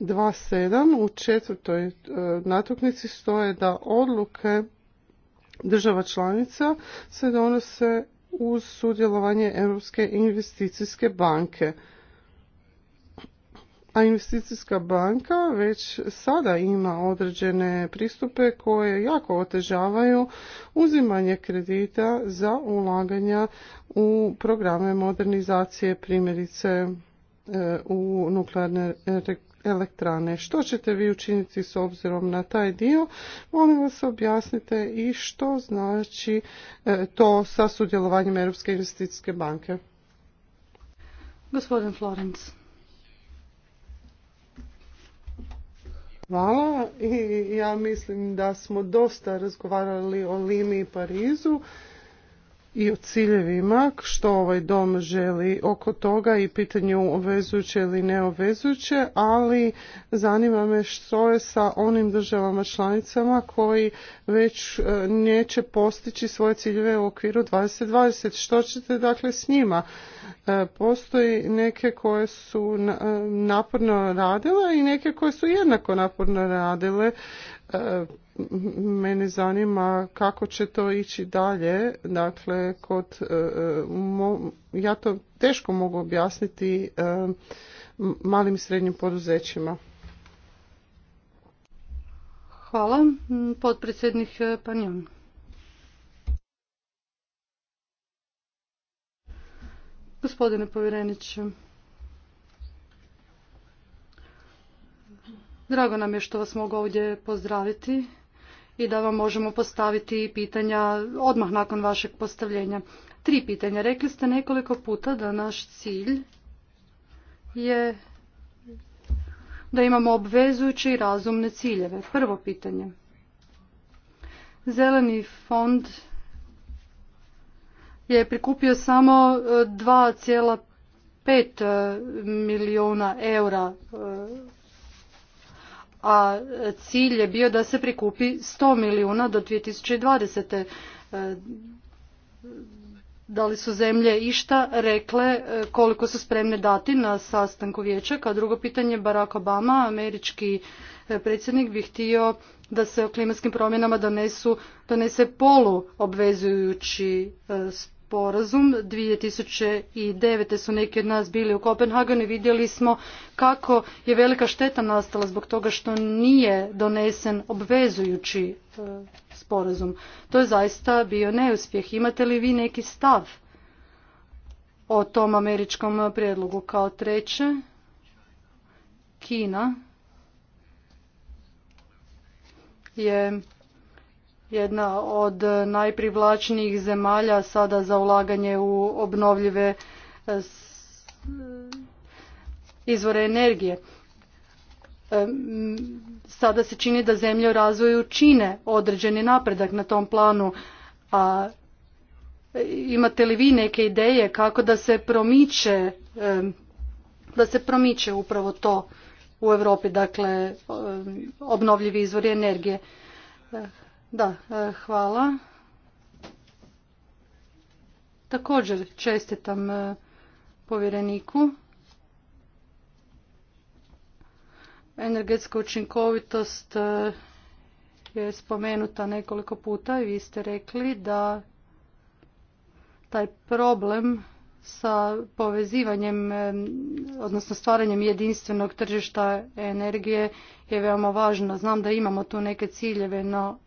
2.7 u četvrtoj e, natuknici stoje da odluke država članica se donose uz sudjelovanje Europske investicijske banke. A investicijska banka već sada ima određene pristupe koje jako otežavaju uzimanje kredita za ulaganja u programe modernizacije, primjerice e, u nuklearne elektrane. Što ćete vi učiniti s obzirom na taj dio? Molim vas objasnite i što znači e, to sa sudjelovanjem Europske investicijske banke. Gospodin Florenc. Hvala i ja mislim da smo dosta razgovarali o Limi i Parizu i o ciljevima što ovaj dom želi oko toga i pitanju obvezujuće ili neobvezujuće, ali zanima me što je sa onim državama članicama koji već e, neće postići svoje ciljeve u okviru 2020. Što ćete dakle s njima? E, postoji neke koje su e, naporno radile i neke koje su jednako naporno radile mene zanima kako će to ići dalje. Dakle, kod, e, e, ja to teško mogu objasniti e, malim i srednjim poduzećima. Hvala. Potpredsjednik Panjon. Gospodine povjereniče, drago nam je što vas mogu ovdje pozdraviti i da vam možemo postaviti pitanja odmah nakon vašeg postavljenja. Tri pitanja. Rekli ste nekoliko puta da naš cilj je da imamo obvezujuće i razumne ciljeve. Prvo pitanje. Zeleni fond je prikupio samo 2,5 e, e, milijuna eura e, a cilj je bio da se prikupi sto milijuna do 2020. E, da li su zemlje išta rekle e, koliko su spremne dati na sastanku vijeća? Kao drugo pitanje, Barack Obama, američki e, predsjednik, bi htio da se o klimatskim promjenama donesu, donese polu obvezujući sporazum. 2009. su neki od nas bili u Kopenhagenu i vidjeli smo kako je velika šteta nastala zbog toga što nije donesen obvezujući e, sporazum. To je zaista bio neuspjeh. Imate li vi neki stav o tom američkom prijedlogu? Kao treće, Kina je jedna od najprivlačnijih zemalja sada za ulaganje u obnovljive e, izvore energije. E, sada se čini da zemlje u razvoju čine određeni napredak na tom planu, a imate li vi neke ideje kako da se promiče e, da se promiče upravo to u Europi, dakle obnovljivi izvori energije. Da, e, hvala. Također čestitam e, povjereniku. Energetska učinkovitost e, je spomenuta nekoliko puta i vi ste rekli da taj problem sa povezivanjem, odnosno stvaranjem jedinstvenog tržišta energije je veoma važno. Znam da imamo tu neke ciljeve, no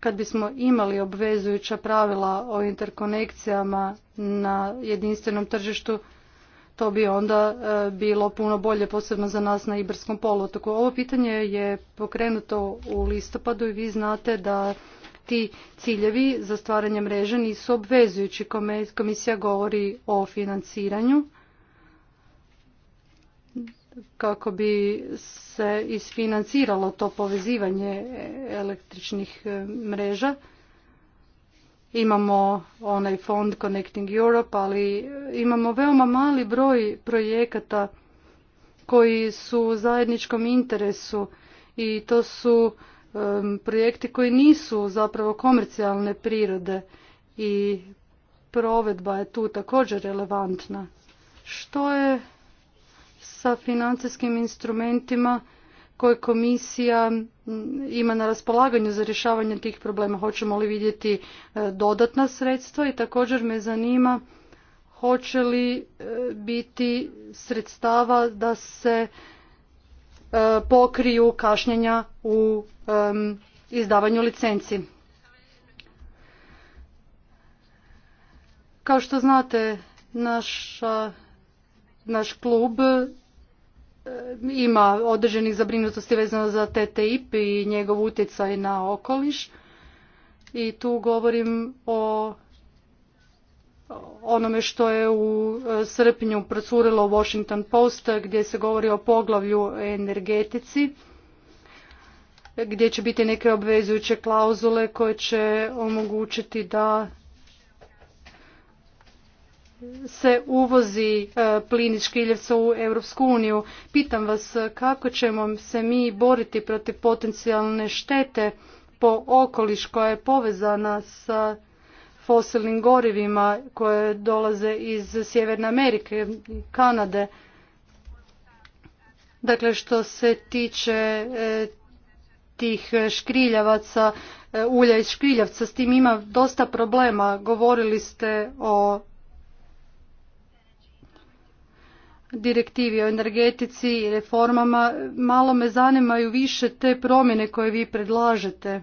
kad bismo imali obvezujuća pravila o interkonekcijama na jedinstvenom tržištu, to bi onda e, bilo puno bolje, posebno za nas na ibrskom polotoku. Ovo pitanje je pokrenuto u listopadu i vi znate da ti ciljevi za stvaranje mreže nisu obvezujući. Komisija govori o financiranju kako bi se isfinanciralo to povezivanje električnih e, mreža. Imamo onaj fond Connecting Europe, ali imamo veoma mali broj projekata koji su u zajedničkom interesu i to su e, projekti koji nisu zapravo komercijalne prirode i provedba je tu također relevantna. Što je sa financijskim instrumentima koje komisija ima na raspolaganju za rješavanje tih problema. Hoćemo li vidjeti e, dodatna sredstva i također me zanima hoće li e, biti sredstava da se e, pokriju kašnjenja u izdavanju licenci. Kao što znate, naš klub E, ima određenih zabrinutosti vezano za TTIP i njegov utjecaj na okoliš. I tu govorim o onome što je u e, srpnju procurilo Washington Post gdje se govori o poglavlju energetici gdje će biti neke obvezujuće klauzule koje će omogućiti da se uvozi e, plin iz u Europsku uniju. Pitam vas kako ćemo se mi boriti protiv potencijalne štete po okoliš koja je povezana sa fosilnim gorivima koje dolaze iz Sjeverne Amerike i Kanade. Dakle, što se tiče e, tih škriljevaca, e, ulja iz škriljavca, s tim ima dosta problema. Govorili ste o direktivi o energetici i reformama, malo me zanimaju više te promjene koje vi predlažete.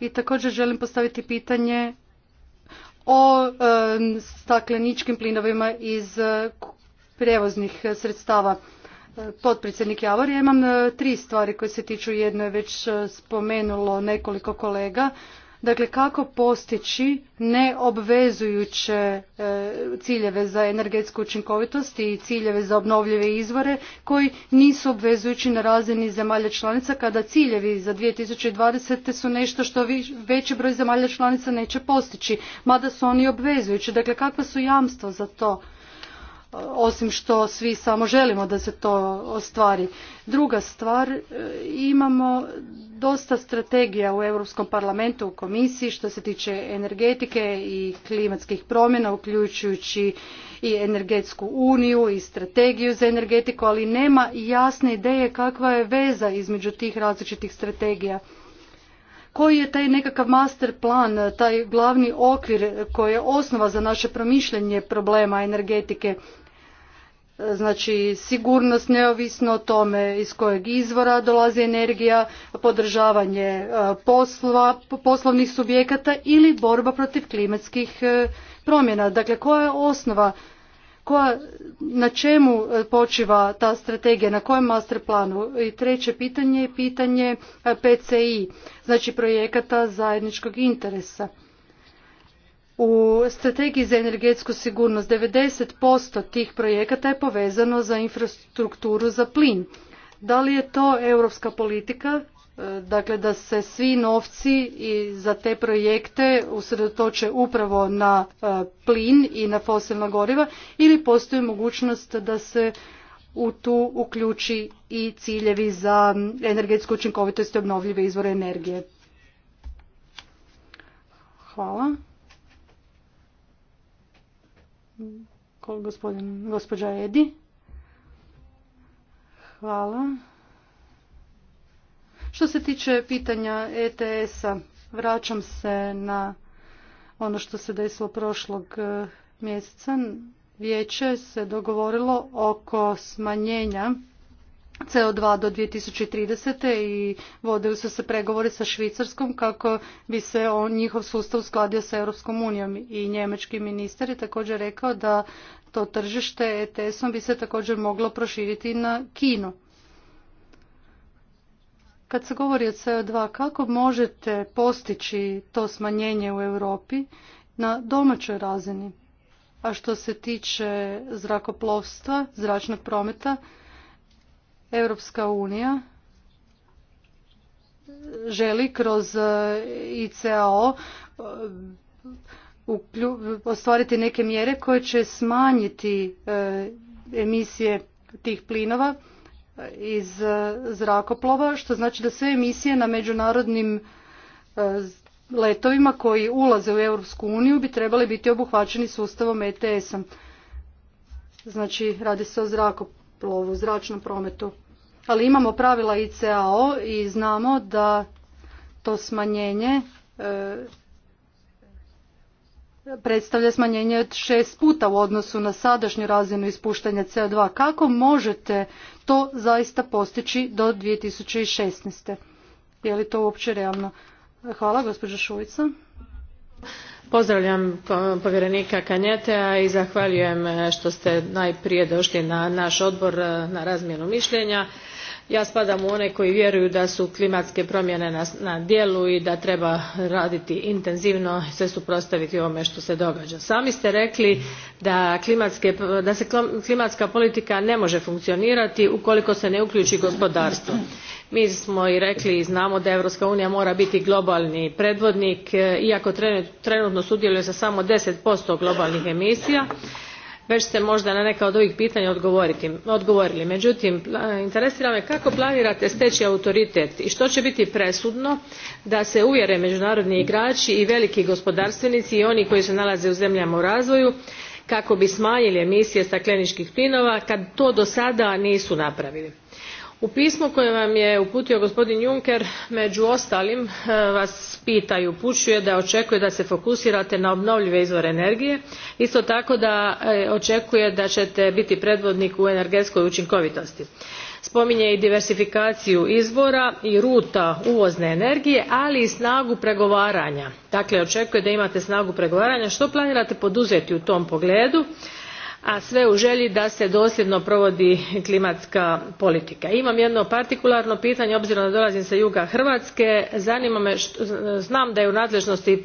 I također želim postaviti pitanje o stakleničkim plinovima iz eh, prijevoznih sredstava. Eh, potpredsjednik Javor, imam eh, tri stvari koje se tiču, jedno je već spomenulo nekoliko kolega, Dakle, kako postići neobvezujuće e, ciljeve za energetsku učinkovitost i ciljeve za obnovljive izvore koji nisu obvezujući na razini zemalja članica kada ciljevi za 2020. su nešto što veći broj zemalja članica neće postići, mada su oni obvezujući. Dakle, kakva su jamstva za to? osim što svi samo želimo da se to ostvari. Druga stvar, e, imamo dosta strategija u Europskom parlamentu, u komisiji što se tiče energetike i klimatskih promjena, uključujući i energetsku uniju i strategiju za energetiku, ali nema jasne ideje kakva je veza između tih različitih strategija koji je taj nekakav master plan, taj glavni okvir koji je osnova za naše promišljanje problema energetike znači sigurnost neovisno o tome iz kojeg izvora dolazi energija, podržavanje e, poslovnih subjekata ili borba protiv klimatskih e, promjena. Dakle, koja je osnova na čemu e, počiva ta strategija, na kojem master planu? I treće pitanje je pitanje e, PCI, znači projekata zajedničkog interesa. U strategiji za energetsku sigurnost 90% tih projekata je povezano za infrastrukturu za plin. Da li je to europska politika dakle da se svi novci i za te projekte usredotoče upravo na e, plin i na fosilna goriva ili postoji mogućnost da se u tu uključi i ciljevi za energetsku učinkovitost i obnovljive izvore energije. Hvala. Gospodin, gospođa Edi. Hvala. Što se tiče pitanja ETS-a, vraćam se na ono što se desilo prošlog e, mjeseca. Vijeće se dogovorilo oko smanjenja CO2 do 2030. i vodili su se pregovori sa Švicarskom kako bi se on, njihov sustav skladio sa Europskom unijom i njemački ministar je također rekao da to tržište ETS-om bi se također moglo proširiti na Kinu. Kad se govori o CO2, kako možete postići to smanjenje u Europi na domaćoj razini? A što se tiče zrakoplovstva, zračnog prometa, Europska unija želi kroz e, ICAO e, ostvariti neke mjere koje će smanjiti e, emisije tih plinova iz e, zrakoplova, što znači da sve emisije na međunarodnim e, letovima koji ulaze u Europsku uniju bi trebali biti obuhvaćeni sustavom ETS-a. Znači, radi se o zrakoplovu, zračnom prometu. Ali imamo pravila ICAO i znamo da to smanjenje e, predstavlja smanjenje od šest puta u odnosu na sadašnju razinu ispuštanja CO2. Kako možete to zaista postići do 2016. Je li to uopće realno? Hvala, gospođo Šujica. Pozdravljam povjerenika Kanjetea i zahvaljujem eh, što ste najprije došli na naš odbor eh, na razmjenu mišljenja ja spadam u one koji vjeruju da su klimatske promjene na, djelu i da treba raditi intenzivno i se suprotstaviti ovome što se događa. sami ste rekli da, se klimatska politika ne može funkcionirati ukoliko se ne uključi gospodarstvo. mi smo i rekli i znamo da europska unija mora biti globalni predvodnik e, iako trenutno sudjeluje sa samo ten globalnih emisija već ste možda na neka od ovih pitanja odgovorili. međutim interesira me kako planirate steći autoritet i što će biti presudno da se uvjere međunarodni igrači i veliki gospodarstvenici i oni koji se nalaze u zemljama u razvoju kako bi smanjili emisije stakleničkih plinova kad to do sada nisu napravili u pismu koje vam je uputio gospodin juncker među ostalim eh, vas pita i upućuje da očekuje da se fokusirate na obnovljive izvore energije isto tako da eh, očekuje da ćete biti predvodnik u energetskoj učinkovitosti spominje i diversifikaciju izvora i ruta uvozne energije ali i snagu pregovaranja dakle očekuje da imate snagu pregovaranja što planirate poduzeti u tom pogledu? a sve u želji da se dosljedno provodi klimatska politika. imam jedno partikularno pitanje obzirom da dolazim sa juga hrvatske zanima me znam da je u nadležnosti e,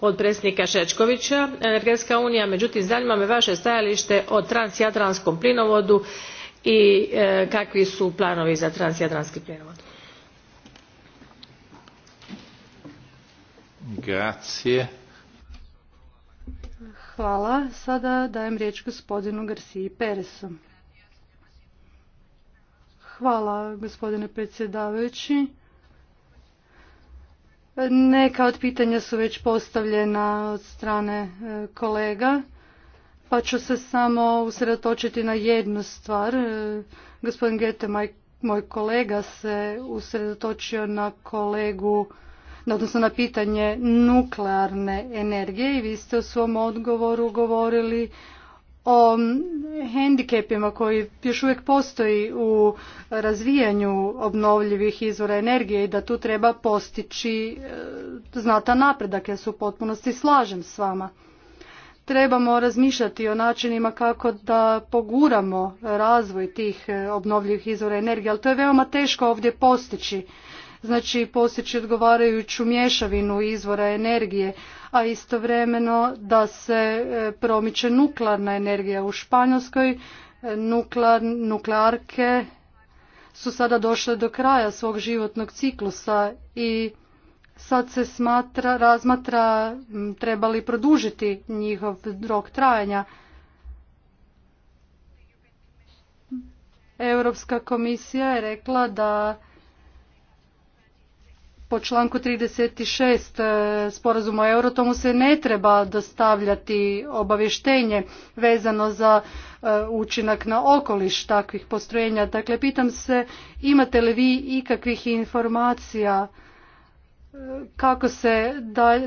potpredsjednika šečkovića energetska unija međutim zanima me vaše stajalište o transjadranskom plinovodu i e, kakvi su planovi za transjadranski plinovod? Hvala. Sada dajem riječ gospodinu Garciji Peresu. Hvala gospodine predsjedavajući. Neka od pitanja su već postavljena od strane e, kolega, pa ću se samo usredotočiti na jednu stvar. E, gospodin Gete, moj kolega, se usredotočio na kolegu odnosno na pitanje nuklearne energije i vi ste u svom odgovoru govorili o hendikepima koji još uvijek postoji u razvijanju obnovljivih izvora energije i da tu treba postići e, znatan napredak. Ja se u potpunosti slažem s vama. Trebamo razmišljati o načinima kako da poguramo razvoj tih e, obnovljivih izvora energije, ali to je veoma teško ovdje postići znači postići odgovarajuću mješavinu izvora energije, a istovremeno da se e, promiče nuklearna energija u Španjolskoj, e, nuklearke su sada došle do kraja svog životnog ciklusa i sad se smatra, razmatra treba li produžiti njihov rok trajanja. Europska komisija je rekla da po članku 36 e, sporazuma o Eurotomu se ne treba dostavljati obavještenje vezano za e, učinak na okoliš takvih postrojenja. Dakle, pitam se imate li vi ikakvih informacija e, kako se da,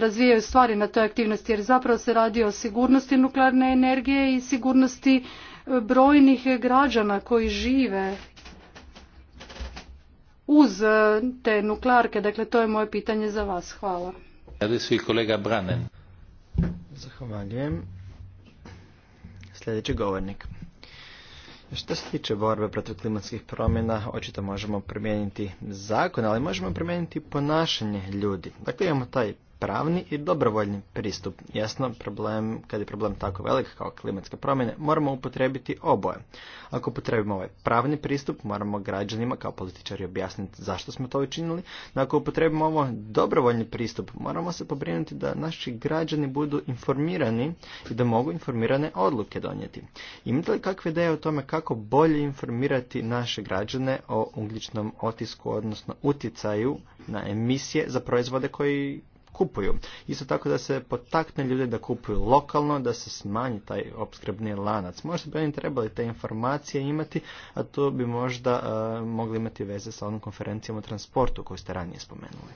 razvijaju stvari na toj aktivnosti jer zapravo se radi o sigurnosti nuklearne energije i sigurnosti brojnih građana koji žive uz e, te nuklearke. Dakle, to je moje pitanje za vas. Hvala. i kolega Branen. Zahvaljujem. Sljedeći govornik. Što se tiče borbe protiv klimatskih promjena, očito možemo promijeniti zakon, ali možemo promijeniti ponašanje ljudi. Dakle, imamo taj pravni i dobrovoljni pristup. Jasno, problem, kad je problem tako velik kao klimatske promjene, moramo upotrebiti oboje. Ako upotrebimo ovaj pravni pristup, moramo građanima kao političari objasniti zašto smo to učinili. Ako upotrebimo ovo dobrovoljni pristup, moramo se pobrinuti da naši građani budu informirani i da mogu informirane odluke donijeti. Imate li kakve ideje o tome kako bolje informirati naše građane o ugljičnom otisku, odnosno utjecaju na emisije za proizvode koji kupuju. Isto tako da se potakne ljude da kupuju lokalno, da se smanji taj opskrbni lanac. Možda bi oni trebali te informacije imati, a to bi možda e, mogli imati veze sa onom konferencijom o transportu koju ste ranije spomenuli.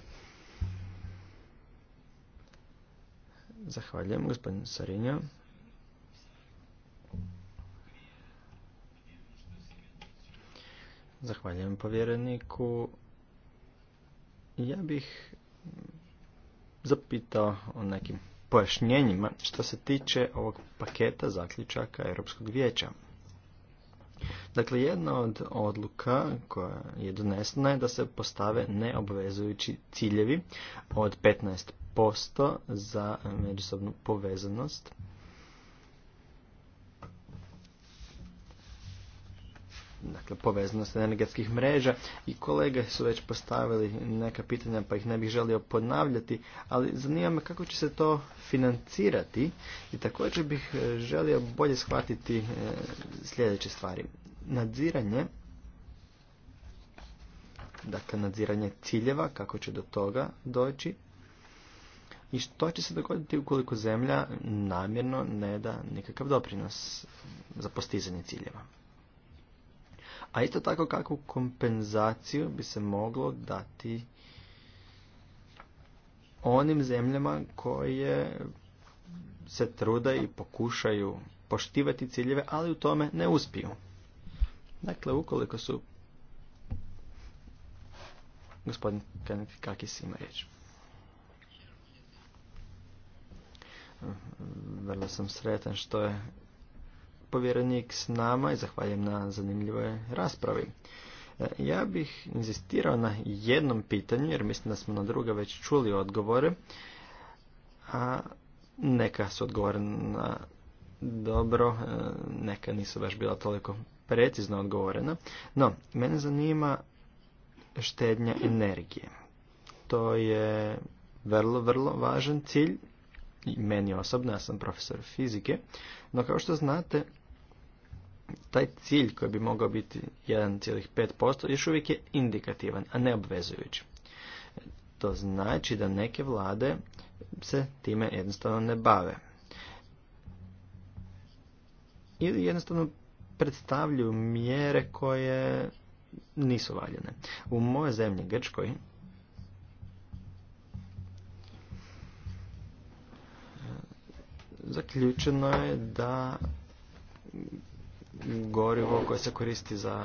Zahvaljujem, gospodin Sarinja. Zahvaljujem povjereniku. Ja bih zapitao o nekim pojašnjenjima što se tiče ovog paketa zaključaka Europskog vijeća. Dakle, jedna od odluka koja je donesena je da se postave neobvezujući ciljevi od 15% za međusobnu povezanost dakle, poveznost energetskih mreža i kolege su već postavili neka pitanja pa ih ne bih želio ponavljati, ali zanima me kako će se to financirati i također bih e, želio bolje shvatiti e, sljedeće stvari. Nadziranje, dakle nadziranje ciljeva, kako će do toga doći, i što će se dogoditi ukoliko zemlja namjerno ne da nikakav doprinos za postizanje ciljeva a isto tako kakvu kompenzaciju bi se moglo dati onim zemljama koje se trude i pokušaju poštivati ciljeve, ali u tome ne uspiju. Dakle, ukoliko su gospodin si ima riječ. Vrlo sam sretan što je povjerenik s nama i zahvaljujem na zanimljivoj raspravi. E, ja bih inzistirao na jednom pitanju, jer mislim da smo na druga već čuli odgovore, a neka su na dobro, e, neka nisu baš bila toliko precizno odgovorena. No, mene zanima štednja energije. To je vrlo, vrlo važan cilj, meni osobno, ja sam profesor fizike, no kao što znate, taj cilj koji bi mogao biti 1,5% još uvijek je indikativan, a ne obvezujući. To znači da neke vlade se time jednostavno ne bave. Ili jednostavno predstavljaju mjere koje nisu valjene. U moje zemlji Grčkoj zaključeno je da gorivo koje se koristi za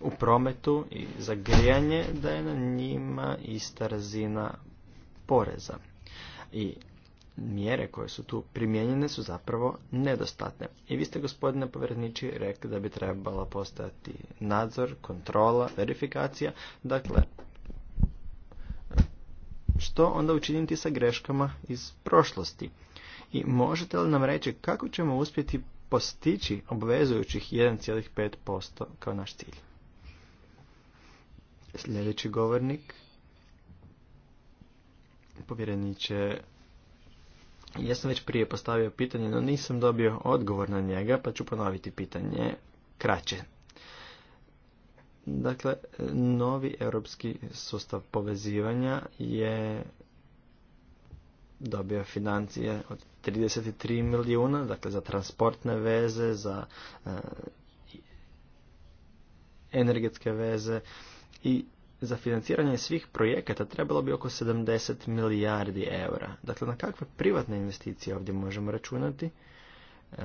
u prometu i za grijanje, da je na njima ista razina poreza. I mjere koje su tu primijenjene su zapravo nedostatne. I vi ste, gospodine povjerniči, rekli da bi trebala postati nadzor, kontrola, verifikacija. Dakle, što onda učiniti sa greškama iz prošlosti? I možete li nam reći kako ćemo uspjeti postići obvezujućih 1,5% kao naš cilj. Sljedeći govornik, povjereniće ja sam već prije postavio pitanje, no nisam dobio odgovor na njega, pa ću ponoviti pitanje kraće. Dakle, novi europski sustav povezivanja je dobio financije od 33 milijuna, dakle za transportne veze, za e, energetske veze i za financiranje svih projekata trebalo bi oko 70 milijardi eura. Dakle, na kakve privatne investicije ovdje možemo računati? E,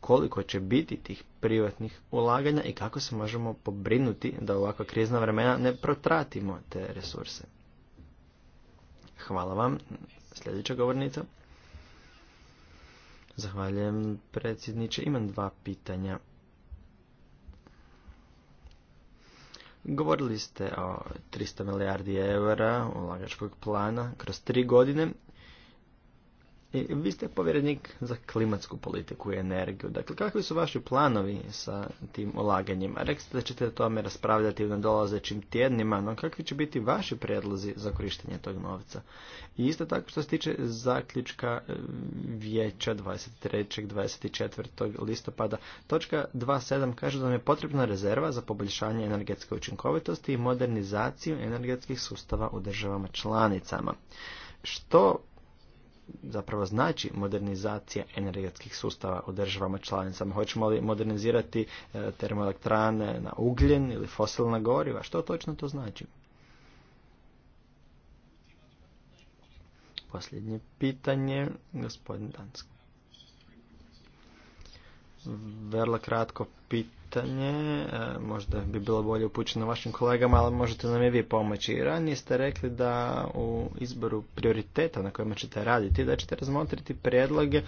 koliko će biti tih privatnih ulaganja i kako se možemo pobrinuti da ovakva krizna vremena ne protratimo te resurse. Hvala vam. Sljedeća govornica. Zahvaljujem predsjedniče. Imam dva pitanja. Govorili ste o 300 milijardi eura ulagačkog plana kroz tri godine, i vi ste povjerenik za klimatsku politiku i energiju. Dakle, kakvi su vaši planovi sa tim ulaganjima? Rekli ste da ćete o tome raspravljati u nadolazećim tjednima, no kakvi će biti vaši prijedlozi za korištenje tog novca? I isto tako što se tiče zaključka e, vijeća 23. 24. listopada, točka 2.7 kaže da nam je potrebna rezerva za poboljšanje energetske učinkovitosti i modernizaciju energetskih sustava u državama članicama. Što zapravo znači modernizacija energetskih sustava u državama članicama? Hoćemo li modernizirati e, termoelektrane na ugljen ili fosilna goriva? Što točno to znači? Posljednje pitanje, gospodin Danski. Vrlo kratko pitanje, e, možda bi bilo bolje upućeno vašim kolegama, ali možete nam i vi pomoći. Ranije ste rekli da u izboru prioriteta na kojima ćete raditi, da ćete razmotriti prijedloge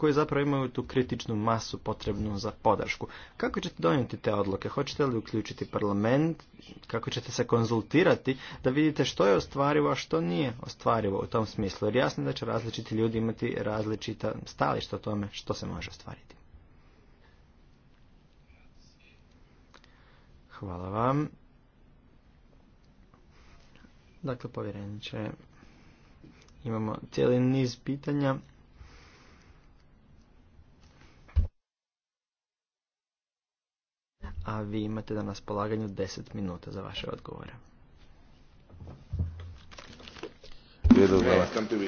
koji zapravo imaju tu kritičnu masu potrebnu za podršku. Kako ćete donijeti te odluke? Hoćete li uključiti parlament? Kako ćete se konzultirati da vidite što je ostvarivo, a što nije ostvarivo u tom smislu? Jer jasno da će različiti ljudi imati različita stališta o tome što se može ostvariti. Hvala vam. Dakle, povjereniče, imamo cijeli niz pitanja a vi imate na raspolaganju 10 minuta za vaše odgovore.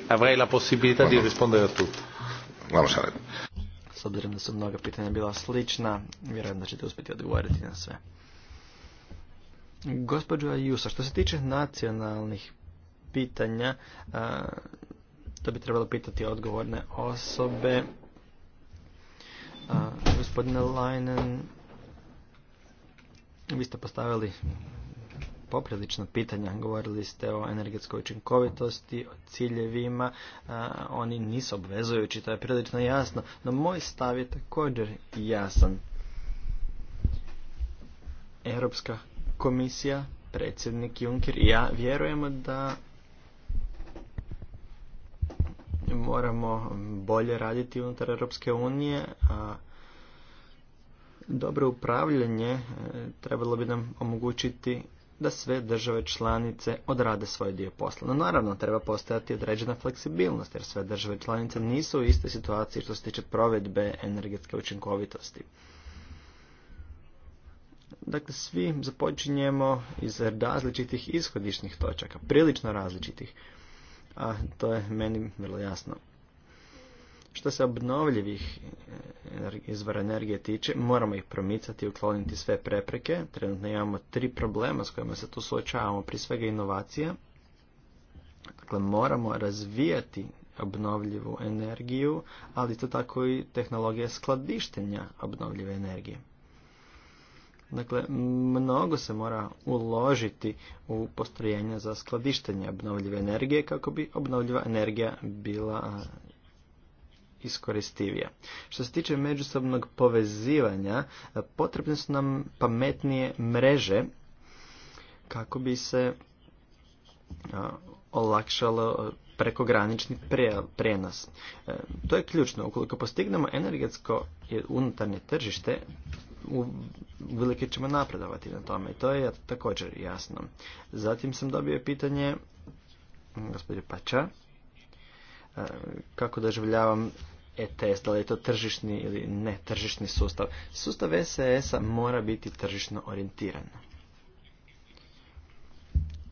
Avrei la possibilità di rispondere a tutti. Vamos S obzirom da su mnoga pitanja bila slična, vjerujem da ćete uspjeti odgovoriti na sve. Gospođo Ajusa, što se tiče nacionalnih pitanja, to bi trebalo pitati odgovorne osobe. Gospodine Leinen, vi ste postavili poprilično pitanja. Govorili ste o energetskoj učinkovitosti, o ciljevima. Oni nisu obvezujući, to je prilično jasno. No moj stav je također jasan. Europska komisija, predsjednik Juncker i ja vjerujemo da moramo bolje raditi unutar Europske unije, a dobro upravljanje e, trebalo bi nam omogućiti da sve države članice odrade svoj dio posla. No naravno treba postojati određena fleksibilnost jer sve države članice nisu u istoj situaciji što se tiče provedbe energetske učinkovitosti. Dakle, svi započinjemo iz različitih ishodišnih točaka, prilično različitih, a to je meni vrlo jasno. Što se obnovljivih eh, izvora energije tiče, moramo ih promicati i ukloniti sve prepreke. Trenutno imamo tri problema s kojima se tu suočavamo, pri svega inovacija. Dakle, moramo razvijati obnovljivu energiju, ali to tako i tehnologija skladištenja obnovljive energije. Dakle, mnogo se mora uložiti u postrojenja za skladištenje obnovljive energije kako bi obnovljiva energija bila eh, iskoristivija. Što se tiče međusobnog povezivanja, potrebne su nam pametnije mreže kako bi se olakšalo prekogranični prenos. E, to je ključno. Ukoliko postignemo energetsko unutarnje tržište, uvelike ćemo napredovati na tome i to je također jasno. Zatim sam dobio pitanje gospođe Pača e, kako doživljavam ETS, da li je to tržišni ili ne tržišni sustav. Sustav SES-a mora biti tržišno orijentiran.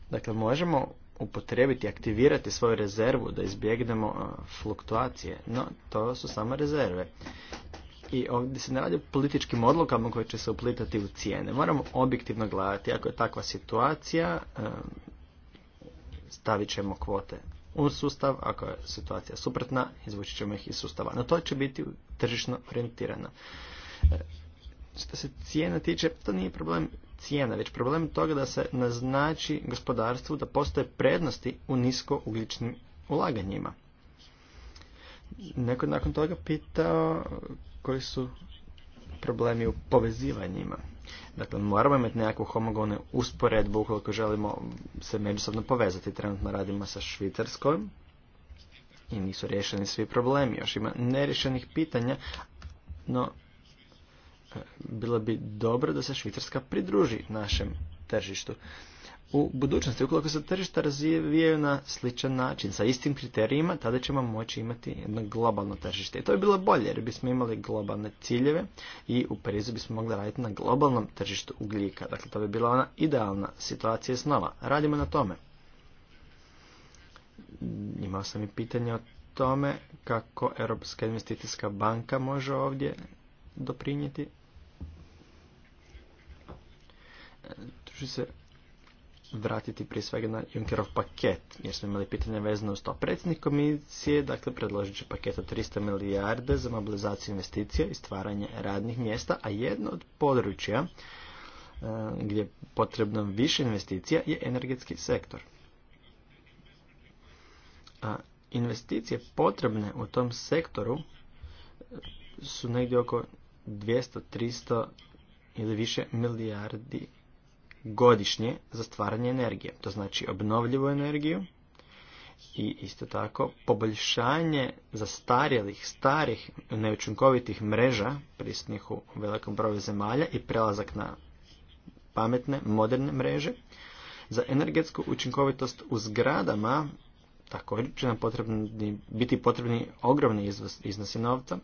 Dakle, možemo upotrijebiti, aktivirati svoju rezervu da izbjegnemo fluktuacije, no to su samo rezerve. I ovdje se ne radi o političkim odlukama koje će se uplitati u cijene. Moramo objektivno gledati, ako je takva situacija, stavit ćemo kvote u sustav, ako je situacija suprotna, izvući ćemo ih iz sustava. No to će biti tržišno orijentirano. E, što se cijena tiče, to nije problem cijena, već problem toga da se naznači gospodarstvu da postoje prednosti u niskougličnim ulaganjima. Neko nakon toga pitao koji su problemi u povezivanjima. Dakle, moramo imati nekakvu homogonu usporedbu ukoliko želimo se međusobno povezati. Trenutno radimo sa Švicarskom i nisu riješeni svi problemi. Još ima nerješenih pitanja, no e, bilo bi dobro da se Švicarska pridruži našem tržištu u budućnosti. Ukoliko se tržišta razvijaju na sličan način, sa istim kriterijima, tada ćemo moći imati jedno globalno tržište. I to bi bilo bolje jer bismo imali globalne ciljeve i u Parizu bismo mogli raditi na globalnom tržištu ugljika. Dakle, to bi bila ona idealna situacija snova. Radimo na tome. Imao sam i pitanje o tome kako Europska investicijska banka može ovdje doprinijeti. Tuži e, se vratiti prije svega na Junckerov paket, jer smo imali pitanje vezano uz to. Predsjednik komisije dakle, predložit će paket od 300 milijarde za mobilizaciju investicija i stvaranje radnih mjesta, a jedno od područja e, gdje je potrebno više investicija je energetski sektor. A investicije potrebne u tom sektoru e, su negdje oko 200, 300 ili više milijardi godišnje za stvaranje energije. To znači obnovljivu energiju i isto tako poboljšanje zastarjelih, starih, neučinkovitih mreža prisutnih u velikom broju zemalja i prelazak na pametne, moderne mreže. Za energetsku učinkovitost u zgradama također će nam potrebni, biti potrebni ogromni iznosi novca.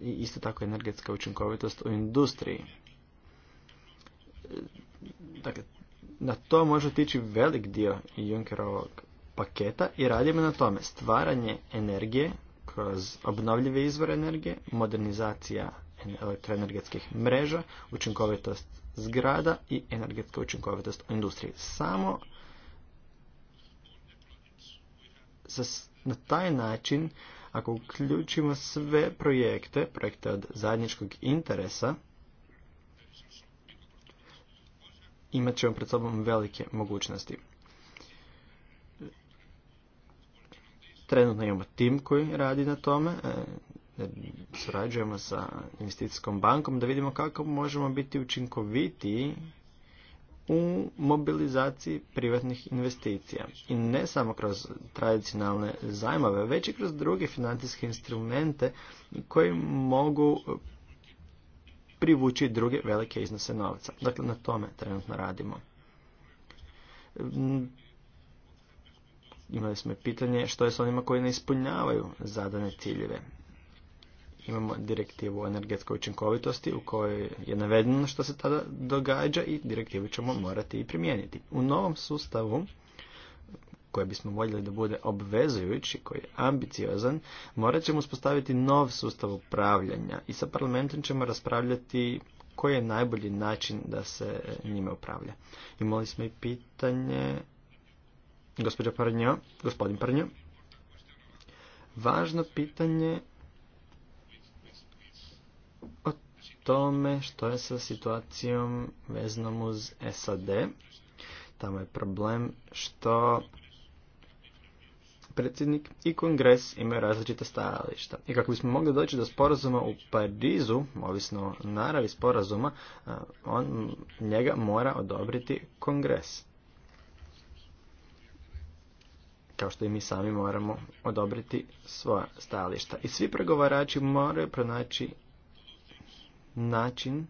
I isto tako energetska učinkovitost u industriji Dakle, na to može tići velik dio Junkerovog paketa i radimo na tome stvaranje energije kroz obnovljive izvore energije, modernizacija elektroenergetskih mreža, učinkovitost zgrada i energetska učinkovitost u industriji. Samo na taj način, ako uključimo sve projekte, projekte od zajedničkog interesa, imat ćemo pred sobom velike mogućnosti. Trenutno imamo tim koji radi na tome, e, surađujemo sa investicijskom bankom da vidimo kako možemo biti učinkoviti u mobilizaciji privatnih investicija. I ne samo kroz tradicionalne zajmove, već i kroz druge financijske instrumente koji mogu privući druge velike iznose novca. Dakle, na tome trenutno radimo. Mm, imali smo pitanje što je s onima koji ne ispunjavaju zadane ciljeve. Imamo direktivu o energetskoj učinkovitosti u kojoj je navedeno što se tada događa i direktivu ćemo morati i primijeniti. U novom sustavu koje bismo voljeli da bude obvezujući, koji je ambiciozan, morat ćemo uspostaviti nov sustav upravljanja i sa parlamentom ćemo raspravljati koji je najbolji način da se njime upravlja. Imali smo i pitanje gospođa Parnjo, gospodin Parnjo. Važno pitanje o tome što je sa situacijom veznom uz SAD. Tamo je problem što predsjednik i kongres imaju različita stajališta. I kako bismo mogli doći do sporazuma u Parizu, ovisno o naravi sporazuma, on njega mora odobriti kongres. Kao što i mi sami moramo odobriti svoja stajališta. I svi pregovarači moraju pronaći način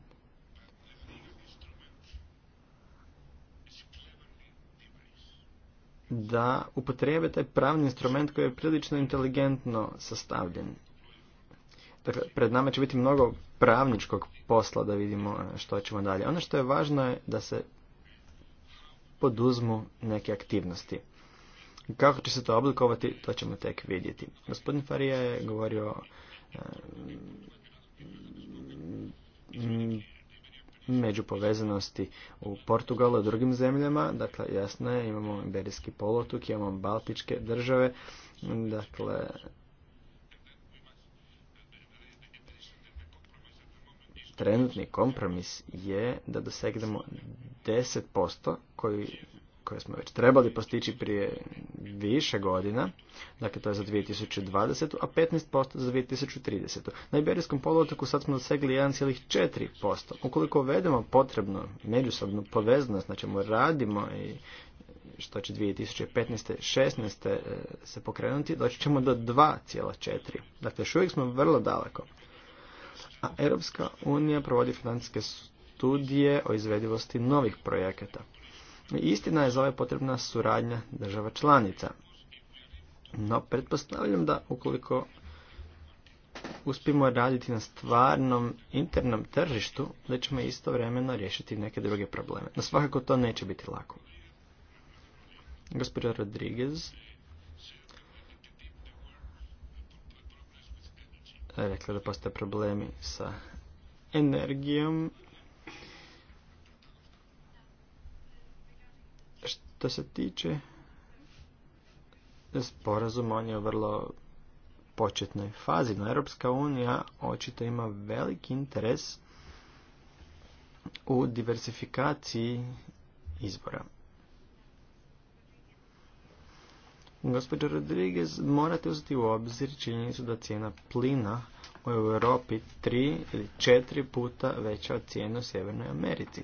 da upotrijebe taj pravni instrument koji je prilično inteligentno sastavljen. Dakle, pred nama će biti mnogo pravničkog posla da vidimo e, što ćemo dalje. Ono što je važno je da se poduzmu neke aktivnosti. Kako će se to oblikovati, to ćemo tek vidjeti. Gospodin Farija je govorio o e, povezanosti u Portugalu i drugim zemljama. Dakle, jasno je, imamo Iberijski polotok, imamo Baltičke države. Dakle, trenutni kompromis je da dosegnemo 10% koji koje smo već trebali postići prije više godina, dakle to je za 2020. a 15% za 2030. Na Iberijskom poluotoku sad smo dosegli 1,4%. Ukoliko uvedemo potrebnu međusobnu povezanost, na znači čemu radimo i što će 2015. 16. E, se pokrenuti, doći ćemo do 2,4. Dakle, još uvijek smo vrlo daleko. A Europska unija provodi financijske studije o izvedivosti novih projekata. Istina je za ovaj potrebna suradnja država članica. No, pretpostavljam da ukoliko uspimo raditi na stvarnom internom tržištu, da ćemo istovremeno riješiti neke druge probleme. No svakako to neće biti lako. Gospodin Rodriguez rekla da postoje problemi sa energijom Što se tiče sporazuma, on je u vrlo početnoj fazi, no Europska unija očito ima veliki interes u diversifikaciji izbora. Gospođo Rodriguez, morate uzeti u obzir činjenicu da cijena plina u Europi 3 ili 4 puta veća od cijene u Sjevernoj Americi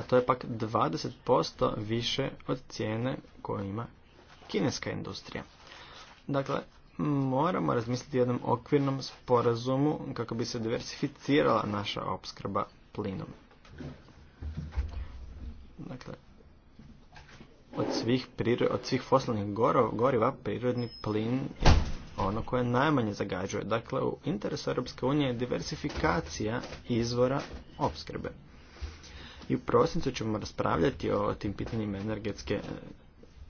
a to je pak 20% više od cijene koju ima kineska industrija. Dakle, moramo razmisliti o jednom okvirnom sporazumu kako bi se diversificirala naša opskrba plinom. Dakle, od svih, priro, od svih fosilnih goriva prirodni plin je ono koje najmanje zagađuje. Dakle, u interesu Europske unije je diversifikacija izvora opskrbe i u prosincu ćemo raspravljati o tim pitanjima energetske e,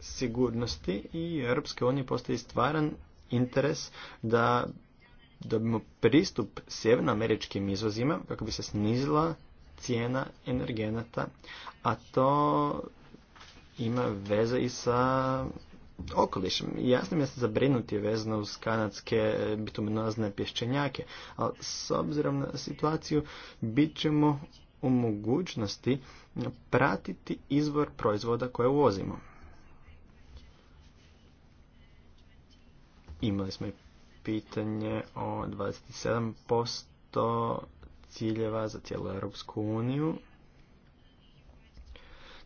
sigurnosti i Europske unije postoji stvaran interes da dobimo pristup sjevernoameričkim izvozima kako bi se snizila cijena energenata, a to ima veze i sa okolišem. Jasno mi je se zabrinuti vezano uz kanadske e, bitumenozne pješčenjake, ali s obzirom na situaciju bit ćemo u mogućnosti pratiti izvor proizvoda koje uvozimo. Imali smo i pitanje o 27% ciljeva za cijelu Europsku uniju.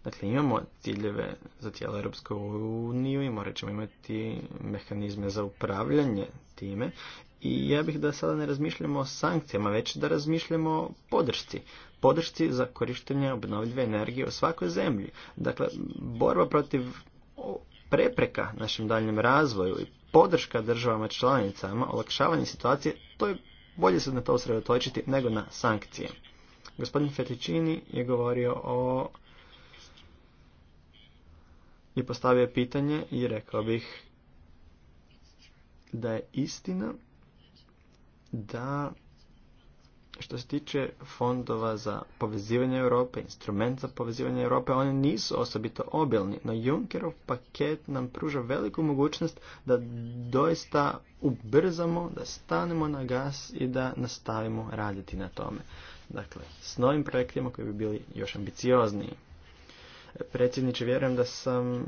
Dakle, imamo ciljeve za cijelu Europsku uniju i morat ćemo imati mehanizme za upravljanje time. I ja bih da sada ne razmišljamo o sankcijama, već da razmišljamo o podršci podršci za korištenje obnovljive energije u svakoj zemlji. Dakle, borba protiv prepreka našem daljnjem razvoju i podrška državama članicama, olakšavanje situacije, to je bolje se na to usredotočiti nego na sankcije. Gospodin Feticini je govorio o i postavio pitanje i rekao bih da je istina da što se tiče fondova za povezivanje Europe, instrument za povezivanje Europe, oni nisu osobito obilni, no Junckerov paket nam pruža veliku mogućnost da doista ubrzamo, da stanemo na gas i da nastavimo raditi na tome. Dakle, s novim projektima koji bi bili još ambiciozniji. Predsjedniče, vjerujem da sam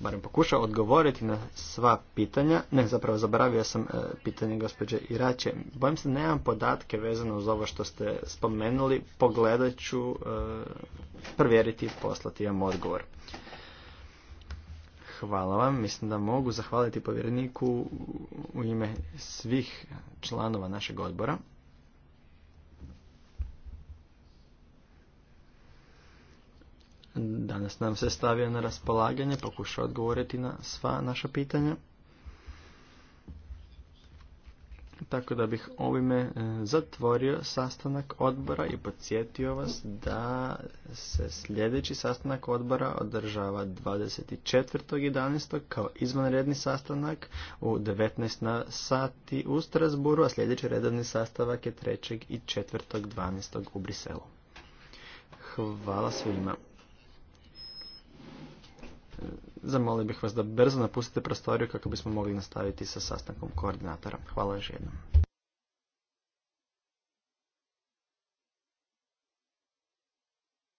barem pokušao odgovoriti na sva pitanja. Ne, zapravo zaboravio sam e, pitanje gospođe Irače. Bojim se nemam podatke vezano uz ovo što ste spomenuli. Pogledat ću, e, provjeriti i poslati vam odgovor. Hvala vam. Mislim da mogu zahvaliti povjereniku u ime svih članova našeg odbora. danas nam se stavio na raspolaganje, pokušao odgovoriti na sva naša pitanja. Tako da bih ovime e, zatvorio sastanak odbora i podsjetio vas da se sljedeći sastanak odbora održava 24.11. kao izvanredni sastanak u 19 sati u Strasburu, a sljedeći redovni sastavak je 3. i 4.12. u Briselu. Hvala svima. Zamolio bih vas da brzo napustite prostoriju kako bismo mogli nastaviti sa sastankom koordinatora. Hvala još jednom.